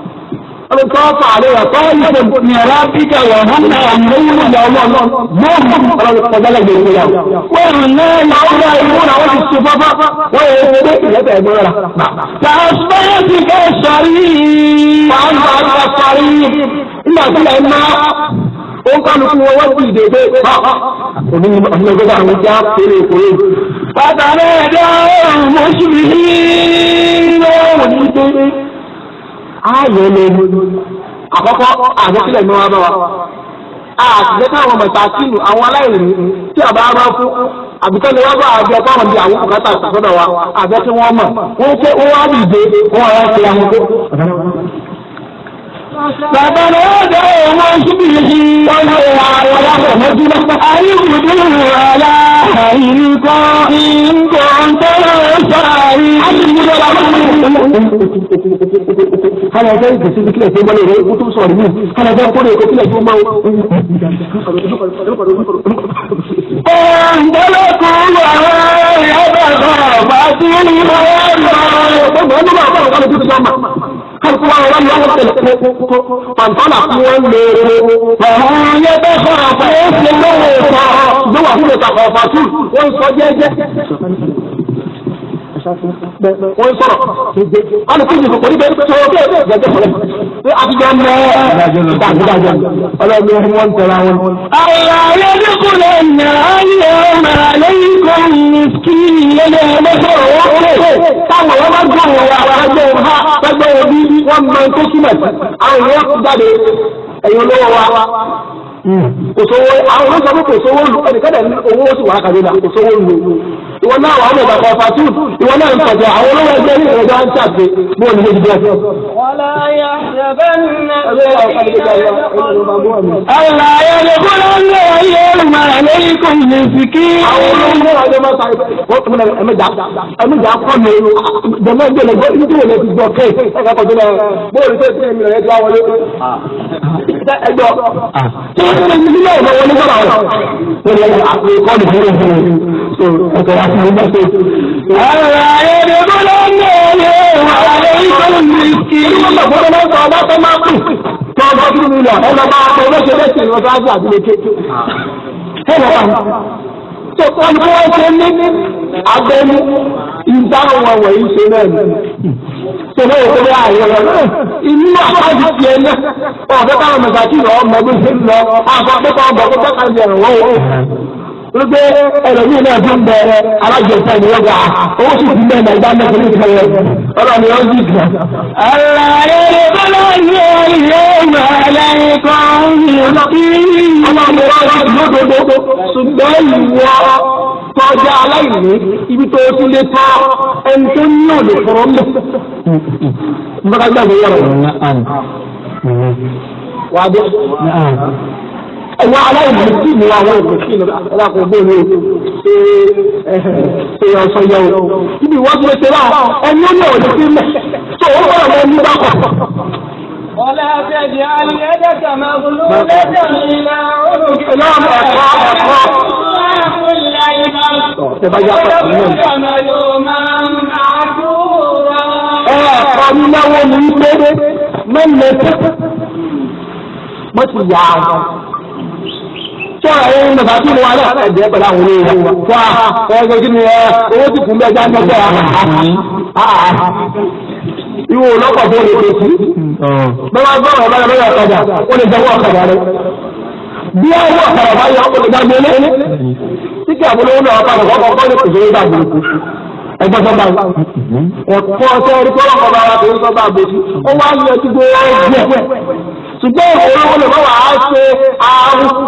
ọlọ́ tọ́fà àlẹ́yà tọ́lì tó ní ẹ̀rọ bíjà wọ̀n hàn náà àmì ìwúrò ìyá ọlọ́run mọ́ọ̀mù ọlọ́gbẹ́lẹ́gbẹ́ ìwúrò wọ́n náà yàwúrò ìwúrò àwọn ti ṣe fọ́fá wọ́n yẹ pé ìyẹ́bẹ̀ ẹ̀gbọ́n rà. tàṣbẹ́yẹ ti kẹ́ sọ̀rí pàápàá lọ sọ̀rí nígbà tí ẹ máa ó kálukú wọn ààyè lè àkọ́kọ́ àjọsílẹ̀ ní wọn bá wa àtijọ́ táwọn mọ̀tàkìlù àwọn aláìní tí àbá bá fún àbíkọ́ ni wọ́n bá àjọ táwọn di àwọn bùkátà sọ́dọ̀ wa àjọ tí wọ́n mọ̀ wọ́n wá dìde wọ́n wá ṣe àwọn bàbá rẹ̀ yóò ọmọ síbi yìí. ọ̀nà ìwà àwọ̀lá kò mọ́jú lọ. ayé ìwúdí ìwàlá àìrí kan ìgbà ń tẹ́lẹ̀ sáré. a ti mú lọ́la kala ẹgbẹ́ ìgbésí kílẹ̀ fún wọlé rẹ̀ ikú tó sọ̀rọ̀ mú kala ẹgbẹ́ kórè kó kílẹ̀ fún máa. ọ̀ǹdọ́lẹ̀ kò wà ẹ̀ẹ́dẹ̀gbọ̀n bá ti ní ọ̀rọ̀ gbogbo ẹni bá kálukú wa wà lọ́wọ́ tẹ̀lé kókó pàǹtálà kú wọn léèrè. ọ̀hún yẹ bẹ́ẹ̀ fọ́ àpá ó ṣe lówó ìfọ̀ gbówà fún ìtàkọ̀ ọ̀fà tù wọ́n sọ jẹ́jẹ́ wọ́n sọ̀rọ̀ alùpùpù yìí kò ní bẹ́ẹ̀ tó bẹ́ẹ̀ gẹ́gẹ́ fọlẹ́ pé àtijọ́ mọ́ ìdájọ́ ọlọ́run ni wọ́n ń tẹ̀ra wọn. àyà lè nà ayé ọmọ lẹ́yìn kò ní kí ilé ẹlẹ́sọ̀rọ̀ wọ́n pè táwọn ọmọ gbọ́ wọn wà lájọ́ ha lájọ́ wọn bí wọ́n máa ń tó sílẹ̀ àwọn ìwé jáde ẹ̀yìn olówó wa kò àwọn olóṣèlú kò sówó lu ìwọ náà wà á mọ̀ bàbá fàtún ìwọ náà ń tọ̀jọ̀ àwọn olówó ẹgbẹ́ ní ìrọ̀jọ́ à ń ṣàgbé bí wọ́n ní lójú bẹ́ẹ̀. Àlà ayẹyẹ kúrò ní ayé olùmọ̀ àlẹ́yìn kò ní sìkí. Àwọn olówó ẹgbẹ́ máa ta ẹ̀mẹ́jà ẹ̀mẹ́jà kọ́ mi jọmọ́ ìgbẹ́lẹ̀ gbọ́ ẹgbẹ́ tí wọ́n ti ní ilé ìwé wọlé sọ̀rọ̀ àwọn wọ́n lè àpò kọ́ọ̀dù fún ìwé ìwé a tòótọ́ ni wọ́n ṣe ní abẹ́nu ìdáhùn ọ̀wọ̀ yìí ṣe náà ni. Sọ̀rọ̀ ìṣẹ̀lẹ̀ àyẹ̀wò náà inú àkáàdì tiẹ̀ náà ọ̀fẹ́ káwọn mẹ̀tàkì lọ́ọ́ mọ̀ bí ṣe lọ àkọ́kọ́ ọgbọ̀n kọ́kọ́ kan jẹ̀rọ̀ wọ́wọ́ wípé ẹlòmíì náà tó ń bẹ̀rẹ̀ alájọpọ̀ ìlú ọgbà owó sì ti bẹ̀rẹ̀ ìgbà mẹ́ta ní ìfẹ́ rẹ̀ ọ̀rọ̀ mi ọ̀hún sì gbà. àlàyé bọ́lá yẹ ilé ìmọ̀lẹ́ kan yìí. ọlọ́run wá sí lódodo ṣùgbọ́n ìwọ tọ́jà aláìní ibi tó tún lè ta ẹni tó ní òde fọ̀rọ̀ mọ́. n bá ká gbàgbé yàrá. wàá dé ẹ̀wọ́ aláìmọ̀ sí ni àwọn ìgbésí ìlàkùn bóyá ṣe ṣe ọ̀sán yẹn o níbi ìwọ́n tó ṣe bá ẹni ó ní òde sí mẹ́ tó O bọ̀rọ̀ mọ́ ní bá kọ̀. Ọlá Fẹ́jì Alẹ́dẹ́gbà máa ń lo lẹ́jọ́ ìlà olùkọ́. Ọlọ́run ẹ̀kọ́ ẹ̀kọ́. Ẹ̀ẹ̀kọ́ nínáwó ni wípé mẹ́lẹ̀ tó. Mo ti yà á. sọ̀rọ̀ àwọn bàbá tí mo wà náà ẹ̀jẹ̀ pẹ̀lú àwọn olóyè rẹ̀ fún a ẹgbẹ́ kí ni owó ti kún bẹ́ẹ̀ tó lè pèsè bàbá ọ̀kadà ó lè jẹ́wọ́ ọ̀kadà rẹ̀ bí ọwọ́ ọ̀kadà bá yọ kọ́lọ́kọ́ bá ń ó wá yẹ ṣùgbọ́n olówó lè báwa á ṣe àrùn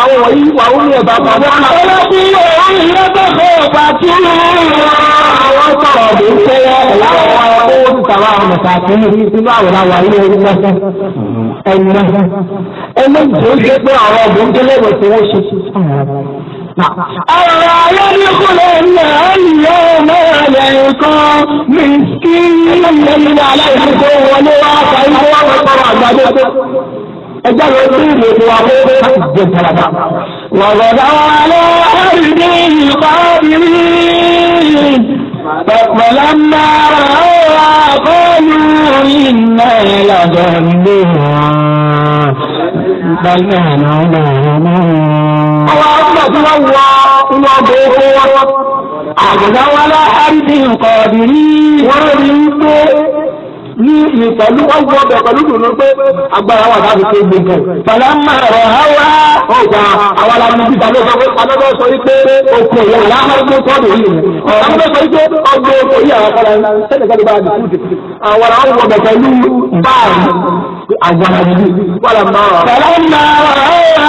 àwọn wọ̀nyí wà ó ní ẹ̀bà bàbá. ọ̀rọ̀ bí òun yẹ bẹ̀rẹ̀ ọ̀gbà tí ó ń lọ. àwọn sọ̀rọ̀ ló ń fẹ́ ẹ̀yà wa ó ti tàwa àwọn mọ̀tà kí nínú àwọn àwọn ayé ẹ̀yìn náà ẹ̀yìn náà ẹ̀yìn náà ẹ̀yìn náà ẹ̀yìn náà ألا يدخلن اليوم عليكم مسكين الذين عليكم ولوا خير وطرع ẹjọ́ ló ní ìlú wa kó fẹ́ jẹ tàbá. Wàgbọ̀dá wa lọ àrídé ìkọ́bìrì. Pẹ̀pẹ̀lá máa wà kọ́lù iná ìlàjọ̀ ìlú wọn balẹ̀ àná ọ̀nà ọ̀nà. ọwọ́ àgbà tí wọ́n wọ inú ọgbà oko wọn àgbẹ̀dáwálá àrídìí nǹkan ọ̀dìrí wọ́n rí i pé ní ìpẹ̀lú wọ́n wọ́ ọbẹ̀ pẹ̀lú dùnú pé agbára wà láti ṣe gbogbo. Fàlámà rẹ̀ háwá ọ̀gá àwọn alámi bíi tàbí ọ̀gá alábọ̀ sọ wípé oko ìyá aláhàrúgbó kọ́ọ̀dù yìí ni. Alábọ̀ sọ wípé ọgbẹ́ oko ìyá àkàrà sẹ́nìkàdé bá dùn fúdù. Àwọn aláwọ̀ wọ̀ bẹ̀ pẹ̀lú báàlù àgbàrá yìí. Fàlámà rẹ̀ háwá ọ̀gá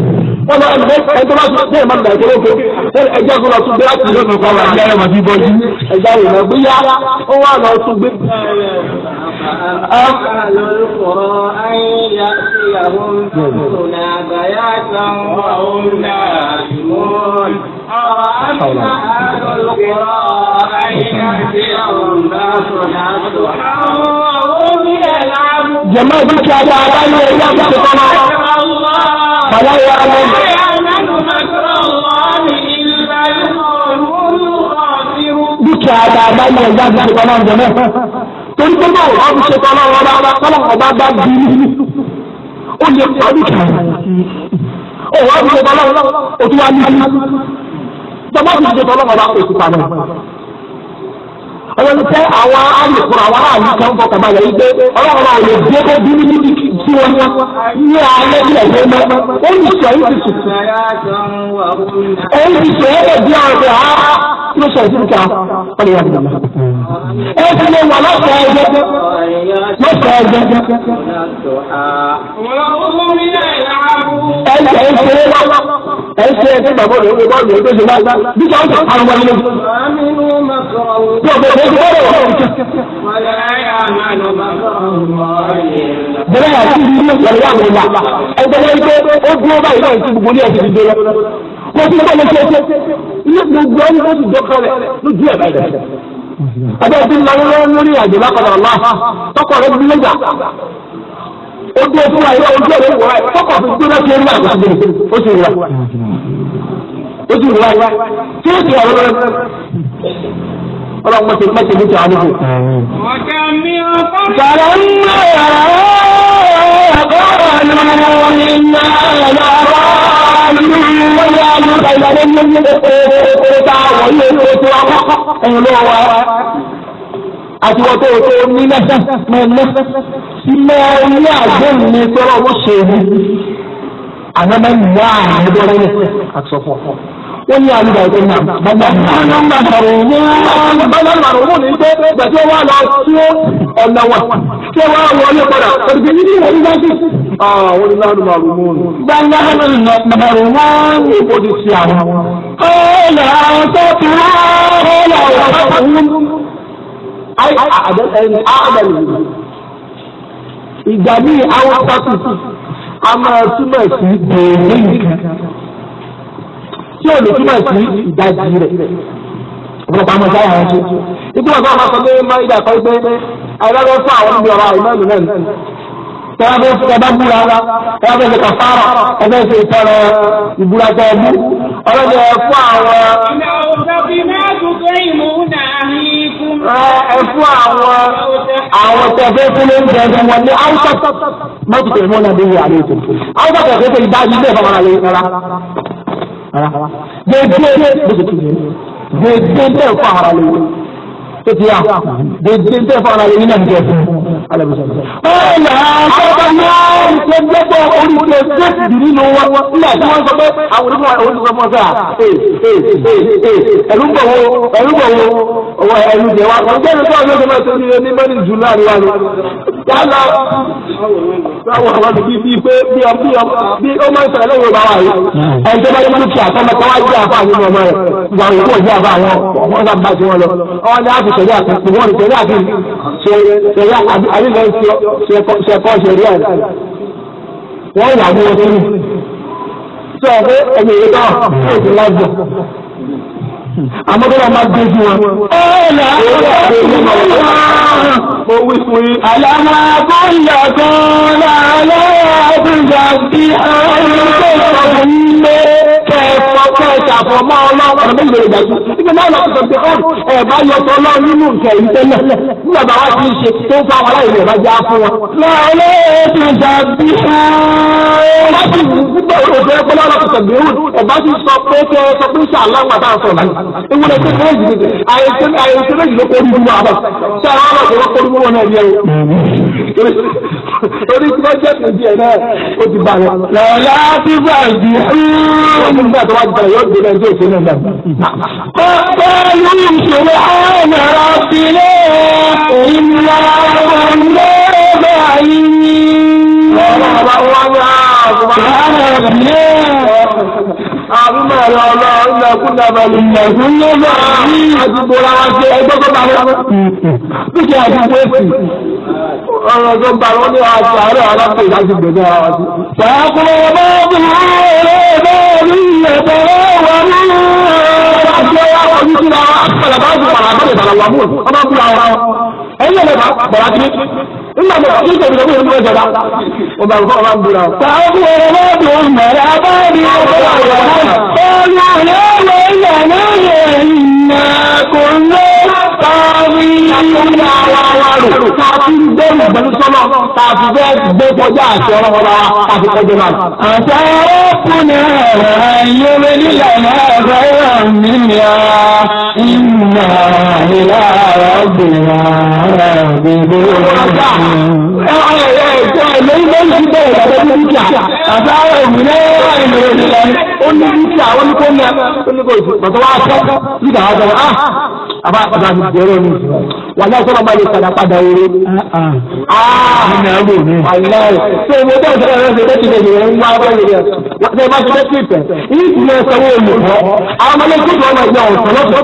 wọ́n lọ ẹni tó bá tún bẹ́ẹ̀ máa gbà ìkéré òkè wọ́n ẹjọ́ tó lọ tún gbé láti ìlú ọ̀gá wa ìyá rẹ̀ màá fi bọ́jú. ẹ̀dá ìlú ọ̀gbìn yá ó wà lọ tún gbé. أفأمن أهل القرى أن يأتيهم بأسنا ضحى وهم يلعبون جماعة كذا أنا لا أفهم Bàbá wa lọ. Dúkìá dáadáa ní ẹ̀yà ti ṣe tọ́lá ọ̀jọ̀ náà. Torí pé náà wọ́n fi ṣe tọ́lá ọ̀rọ̀ bá tọ́lá ọ̀bá bá bí i. Ó lè pa dúkìá rẹ̀ sí. Òwò àti ṣe tọ́lá ọ̀rọ̀ òtún wá ní. Bàbá mi ṣe tọ́lá ọ̀rọ̀ òtún pa náà ọlọ́run tẹ àwọn alùpùpù àwọn aráàlú kan fọkàn balẹ̀ yìí pé ọlọ́run náà lè dé bó bí níbi sí wọn ní alẹ́ ní ẹ̀yẹ mọ́ ó ní sọ yìí ti sùn ó ní sọ yìí ti di ọ̀dọ̀ á ló sọ ìdílé kan ọlẹ́ yàrá ìdàgbà. ẹ ti lè wà lọ́sọ̀ ẹgbẹ́ lọ́sọ̀ ẹgbẹ́. ẹ jẹ́ ń ṣeré lọ ẹ ń ṣe ẹgbẹ́ bàbá rẹ̀ ní bọ́ọ̀lù ẹgbẹ́ ṣe láti bí kí wọ́n ti parọ́ wọn lójú. bí ọ̀gbẹ́ ọ̀gbẹ́ ọ̀gbẹ́ ọ̀gbẹ́ ọ̀gbẹ́ bẹ́ẹ̀ yà sí ìdílé ìyàwó wa ẹgbẹ́ wọn gbé ó dúró báyìí náà ti gbogbo ní ẹ̀sìn ìdílé lọ kò sí kọ́ lọ́sẹ̀ ilé gbogbo ọ̀hún ló ti dọ́kọ̀ rẹ̀ lójú ẹ̀ báyìí. ọjọ́ ìdí ńlá lọ́wọ́ lórí àjò lákọ̀dọ̀ ọ̀la tọkọ̀ rẹ̀ bí lẹ́jà ó dé fún àyè ojú ẹ̀rọ ìwọ̀ra ẹ̀ tọkọ̀ fi gbé lọ́sẹ̀ rí àgbà ó sì rí wa ó sì rí wa kí ó sì ọ̀rọ̀ rẹ̀ ọlọ́run ti mẹ́tẹ̀ ní ìjọba nínú. Bàbá ń lọ ọ̀rọ̀ ọ̀gọ́rọ̀ ni mo ní náà lọ́wọ́ nínú wá ní ìgbàgbọ́ ní ní ní ta àwọn ilé ìwé àti wọ́n tó o tó ní mẹ́fẹ́ mẹ́lẹ́ sí mẹ́rin ní àgbọ̀n mi tọ́lọ́ wọ́n ṣe é àná mẹ́rin wá àwọn ẹgbẹ́ rẹ̀ àtọ̀fọ̀ wọ́n ní àlùbà ìpè náà bàbá àwọn ọmọ àtàwọn ọmọ bàbá àwọn ọmọ ní pé gbàtí wọ́n wá lọ sí ọ̀nà wa tí wọ́n wá wọlé padà òdìgbò yìí ní ìwọ̀n nígbà tí àwọn ah, ní láàánú màrúmọ́ọ̀n. gbangba màrúmọ́ọ̀n. ó ti ṣe àwọn. ó lọ àwọn tó ti rá ó lọ àwọn tó ayé àdẹ́sẹ̀yìn àdàlù ìgbà ní àwọn pátì a máa túmọ̀ sí bèèrè nǹkan tí ò lè túmọ̀ sí ìdajì rẹ̀ ọ̀pọ̀lọpọ̀ àwọn ọ̀gá yàrá tó. nígbà tí wọ́n bá sọ pé máa ń dà kọ́ pé aláwọ̀ fún àwọn ọmọ ìlú ọ̀rọ̀ tọ́wọ́ bẹ́ẹ̀ fún ọba búra tọ́wọ́ bẹ́ẹ̀ fún kàfàrà ọba ẹ̀fẹ̀ ìtọ́rọ ìbúra tó ọbú ọlọ́dẹ ẹ̀fọ́ àwọn. ẹ̀fọ́ àwọn àwọn tẹ̀fẹ́ fún oúnjẹ ẹ̀fọ́ wọn ní áwùsọ̀ mọ́tò tẹ̀lé mọ́nà bí wọ́n àlẹ́ áwùsọ̀ tẹ̀fẹ́ fún ìbá yìí bẹ́ẹ̀ fọwọ́n àlẹ́ rárá. gbèdé gbèdé bẹ́ẹ̀ fún àwọn àlẹ́ tó ti yà dédé tẹ fara yẹn nínú ẹnìkẹ fún alábùsọ̀rọ̀. ọ̀là àkọ́kọ́ náà ṣe gbẹ́gbẹ́ oríṣi ṣéèkì dì nínú wa nígbà tí wọ́n sọ pé àwọn onímọ̀ olùkọ́ mọ́ sáà ẹ̀rú bọ̀ wo ẹ̀rú bọ̀ wo ọ̀wọ̀ ẹ̀rú jẹ̀ wá. ọ̀gbẹ́ni sọ̀rọ̀ ló wàhálà táwọn àwọn àti bíi pé bí ọ bí ọ bí ó máa ń sọ̀rọ̀ lẹ́yìn ìgbà wa yìí ẹni tó bá yẹ kí wá jẹ́ àbá àwọn ọmọ rẹ̀ ìgbà òun kò jẹ́ àbá àwọn wọn bá bàjẹ́ wọn lọ ọwọ́ ni a sẹ̀rí àti wọn ni sẹ̀rí àti sẹ̀rí àbílẹ̀ ṣẹ̀kọ́ sẹ̀rí àti wọ́n yà á mú sọ̀rọ̀ pé ẹ̀mí àmọ́ tó máa gbé sí wọn. ọ̀là mo wí fún yín. àlàmà bóyá kan lálẹ́ àbújá bí àwọn ọmọ yín lé kẹfọ kẹsàfọ mọ́ ọlọ́run. ọ̀nà méjì lè dájú náà lọ́sọ̀ tó ẹ̀ bá yọ tọ́ nínú nǹkan yìí tẹ́lẹ̀ nígbà bá wá ti ṣe tó ń fa àwọn aláìní ẹ̀ bá já fún wọn. lọ́ọ̀lẹ́ ti dàbí láti gbígbà òṣèré pé lọ́ọ̀lọ́ ti tẹ̀gbẹ́ òun ẹ̀ bá ti sọ pé kẹ́ ẹ sọ pé ṣàlá wà bá láyé ewúrẹ́ tó kéré jù àìsí méjì ló kórìí wọn àbọ̀ ṣé àwọn àbọ̀ orí tí wọ́n jẹ́ pèsè ẹ̀ náà ó ti bá wọn. lọ́la ti bá ìdí ọ̀hún. nígbà tó wá jẹ́ yóò gbé lẹ́jọ́ òfin náà náà. ọ̀pọ̀ yóò ṣòro àwọn ọ̀rọ̀ sílẹ̀ ìlà ọ̀gbẹ́ àyíní. ọ̀rọ̀ bá wọ́n yá ọ̀gbọ́n. àbúmọ̀ ẹ̀rọ ọlọ́run lẹ́kún dábàá lẹ́kún lọ́wọ́ àdúgbò ra wá sí ẹgbẹ́ tó bá wọn. dúkìá àdúgbò èsì ọ̀rọ̀ tó gbà wọ́n ní àti àárẹ̀ alápè láti gbẹ̀gbẹ̀ ara sí. Ṣàkóso bá bí ọ̀rẹ́ bá rí ẹ̀bọ̀ wà ní ọjọ́ ojú sí ara pẹ̀lẹ́ bá ti pàrọ̀ àbẹ̀lẹ̀ bàrà wà mú ọmọ bí ara wọn. Ẹ̀yin ẹ̀lẹ́ bá bọ̀rọ̀ àti nígbà tó kí ìṣòro ìṣòro ìṣòro ìjọba ó bá nǹkan ọba ń búra. Ṣàkóso bá bí ọ̀rẹ́ bá rí ẹ̀bọ̀ wà ní ọjọ́ ojú sí ara pẹ̀lẹ́ bá ti pàrọ̀ àbẹ̀lẹ̀ bàrà wà mú ọmọ bí ara wọn ní ìyá wa wa rò tá fi gbé ìgbẹ́nu sọ́nà tá fi fẹ́ gbé kọjá àti ọ̀rọ̀ ọba wa tá fi kọjá náà. àṣà ọkùnrin ẹ̀rọ yóò nílẹ̀ náà rẹ̀ mí ni a ìmọ̀ ìlà ọ̀gbìn rẹ̀ gbogbo. ọ̀gá ẹ̀lẹ́ ilé yìí bẹ̀rẹ̀ lọ́wọ́ ní dúkìá bàbá òmìnira ìmọ̀ràn ìlẹ̀ ó ní dúkìá wọn ní kó ní ó ní kó ìfún bàtọ́ wá sọ nígbà àbá àbá mi bẹ̀rẹ̀ mi wà ní ọ̀sán ọmọ ilé padà padà oore. ah àlọ́ ṣé ìwé bẹ́ẹ̀ sọ̀rọ̀ rẹ̀ ṣe lẹ́tì lẹ́yìn rẹ̀ ń wá bẹ́ẹ̀ rẹ̀ ṣe máa ṣe lẹ́tì ìfẹ́ yìí ti lọ sọ lò wọ́n àwọn ọmọ ilé kúkú ọmọ ìgbà ọ̀sán lọ́sọ̀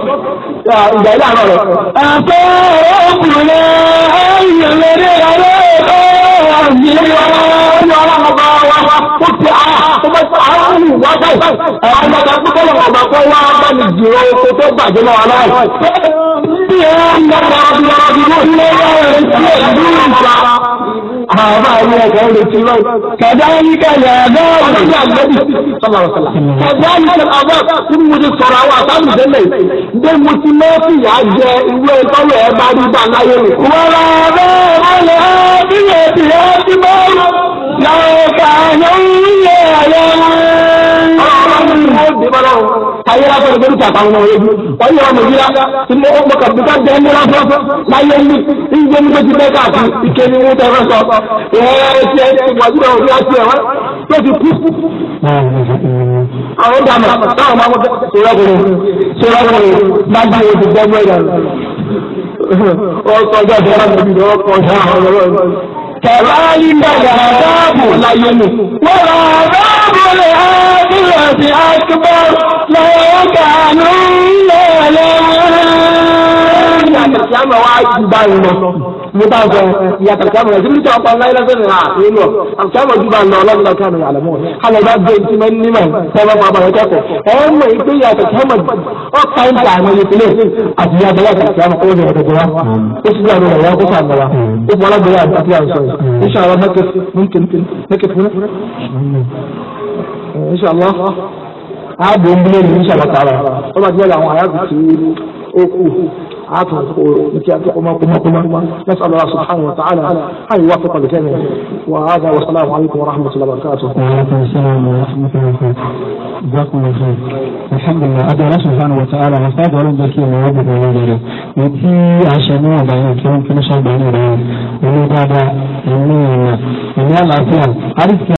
ìgbà ìlànà rẹ̀. àtọ́ ọkùnrin lórí ọlọ́run ọlọ́run ọba wa ó ti a tó bá tó àwọn ìwà báyìí àwọn ọba tó bá wọn ọba kó wá bá mi jùlọ oko tó bàjẹ́ náà aláwọ̀. bí ẹ ń lọ bí ọ̀rọ̀ bí wọ́n ń lé ọ̀rẹ́ sí ẹ̀dúró ìjà àwọn àwọn ẹ̀kọ́ lè ti rọ. kàdáyíkà yàrá ọdún àgbẹ̀bí sọlọ́ọ̀sọlá. kàdáyíkà àbá tí mo ti sọ̀rọ̀ àwọn àtàlù délé dé mo ti máa fi yà jẹ ìwé ìtọ́lẹ̀ ẹ̀ bá rí gbà láyé rẹ̀. wàrà bẹ́ẹ̀ alẹ́ bí yẹ ti ti bọ́ lọ́ọ̀kà yẹn yẹ ẹ̀yẹ́ bala o a yɛrɛ fana bɛ ta kan o ye o yɛrɛ ma yira mɔgɔ mɔgɔ ka bika bɛn mura fɔ n'a ye ni i ye ni bɛ bɛɛ k'a kan i kɛ ni mun tɛ fɛn sɔrɔ ɛɛ cɛ waju dɔ o y'a tiɲɛ wa dɔ ti ku. awɔ d'a ma d'a ma ko sora kɔnɔ sora kɔnɔ n'a ba kàláyìnbá làdáàbò láyọnù. wọ́n rà àdáàbò lè ha sílẹ̀ sí akíbọ̀ lọ́wọ́ kàánú lọ́wọ́ lẹ́wọ́n kí á máa wá ju bá ń lọ mo bá ń sọ ìyàtọ̀ kí á máa lọ ìdílé tí wọn pa ọ̀la ilé sẹ́ni ha èyí lọ kí á máa ju bá ń lọ ọlọ́run kí á máa yàrá mọ́ alẹ́ bá gbé ntí mẹ́ nímọ̀ sábà máa bàrẹ̀ kẹ́kọ̀ọ́ ọ̀hún mọ̀ ìgbé ìyàtọ̀ kí á máa ọ̀pá ń ta àwọn ìpínlẹ̀ àti ìyàtọ̀ láti kí á máa kọ́ ọ̀dọ̀ ń bílẹ̀ ní insha Allah tààrà ó bá àyàgùn tí ó kù عطف وقماقما نسأل الله سبحانه وتعالى أن يوفق الجميع وهذا والسلام عليكم ورحمة الله وبركاته. وعليكم السلام ورحمة الله وبركاته. جزاكم الله خير. الحمد لله أدعو الله سبحانه وتعالى وفاد ولم يكن يوابك ولا يجري. وفي عشان بعين كلام كنا شعب بعين بعين. ولو بعد يمين يمين العافية عرفت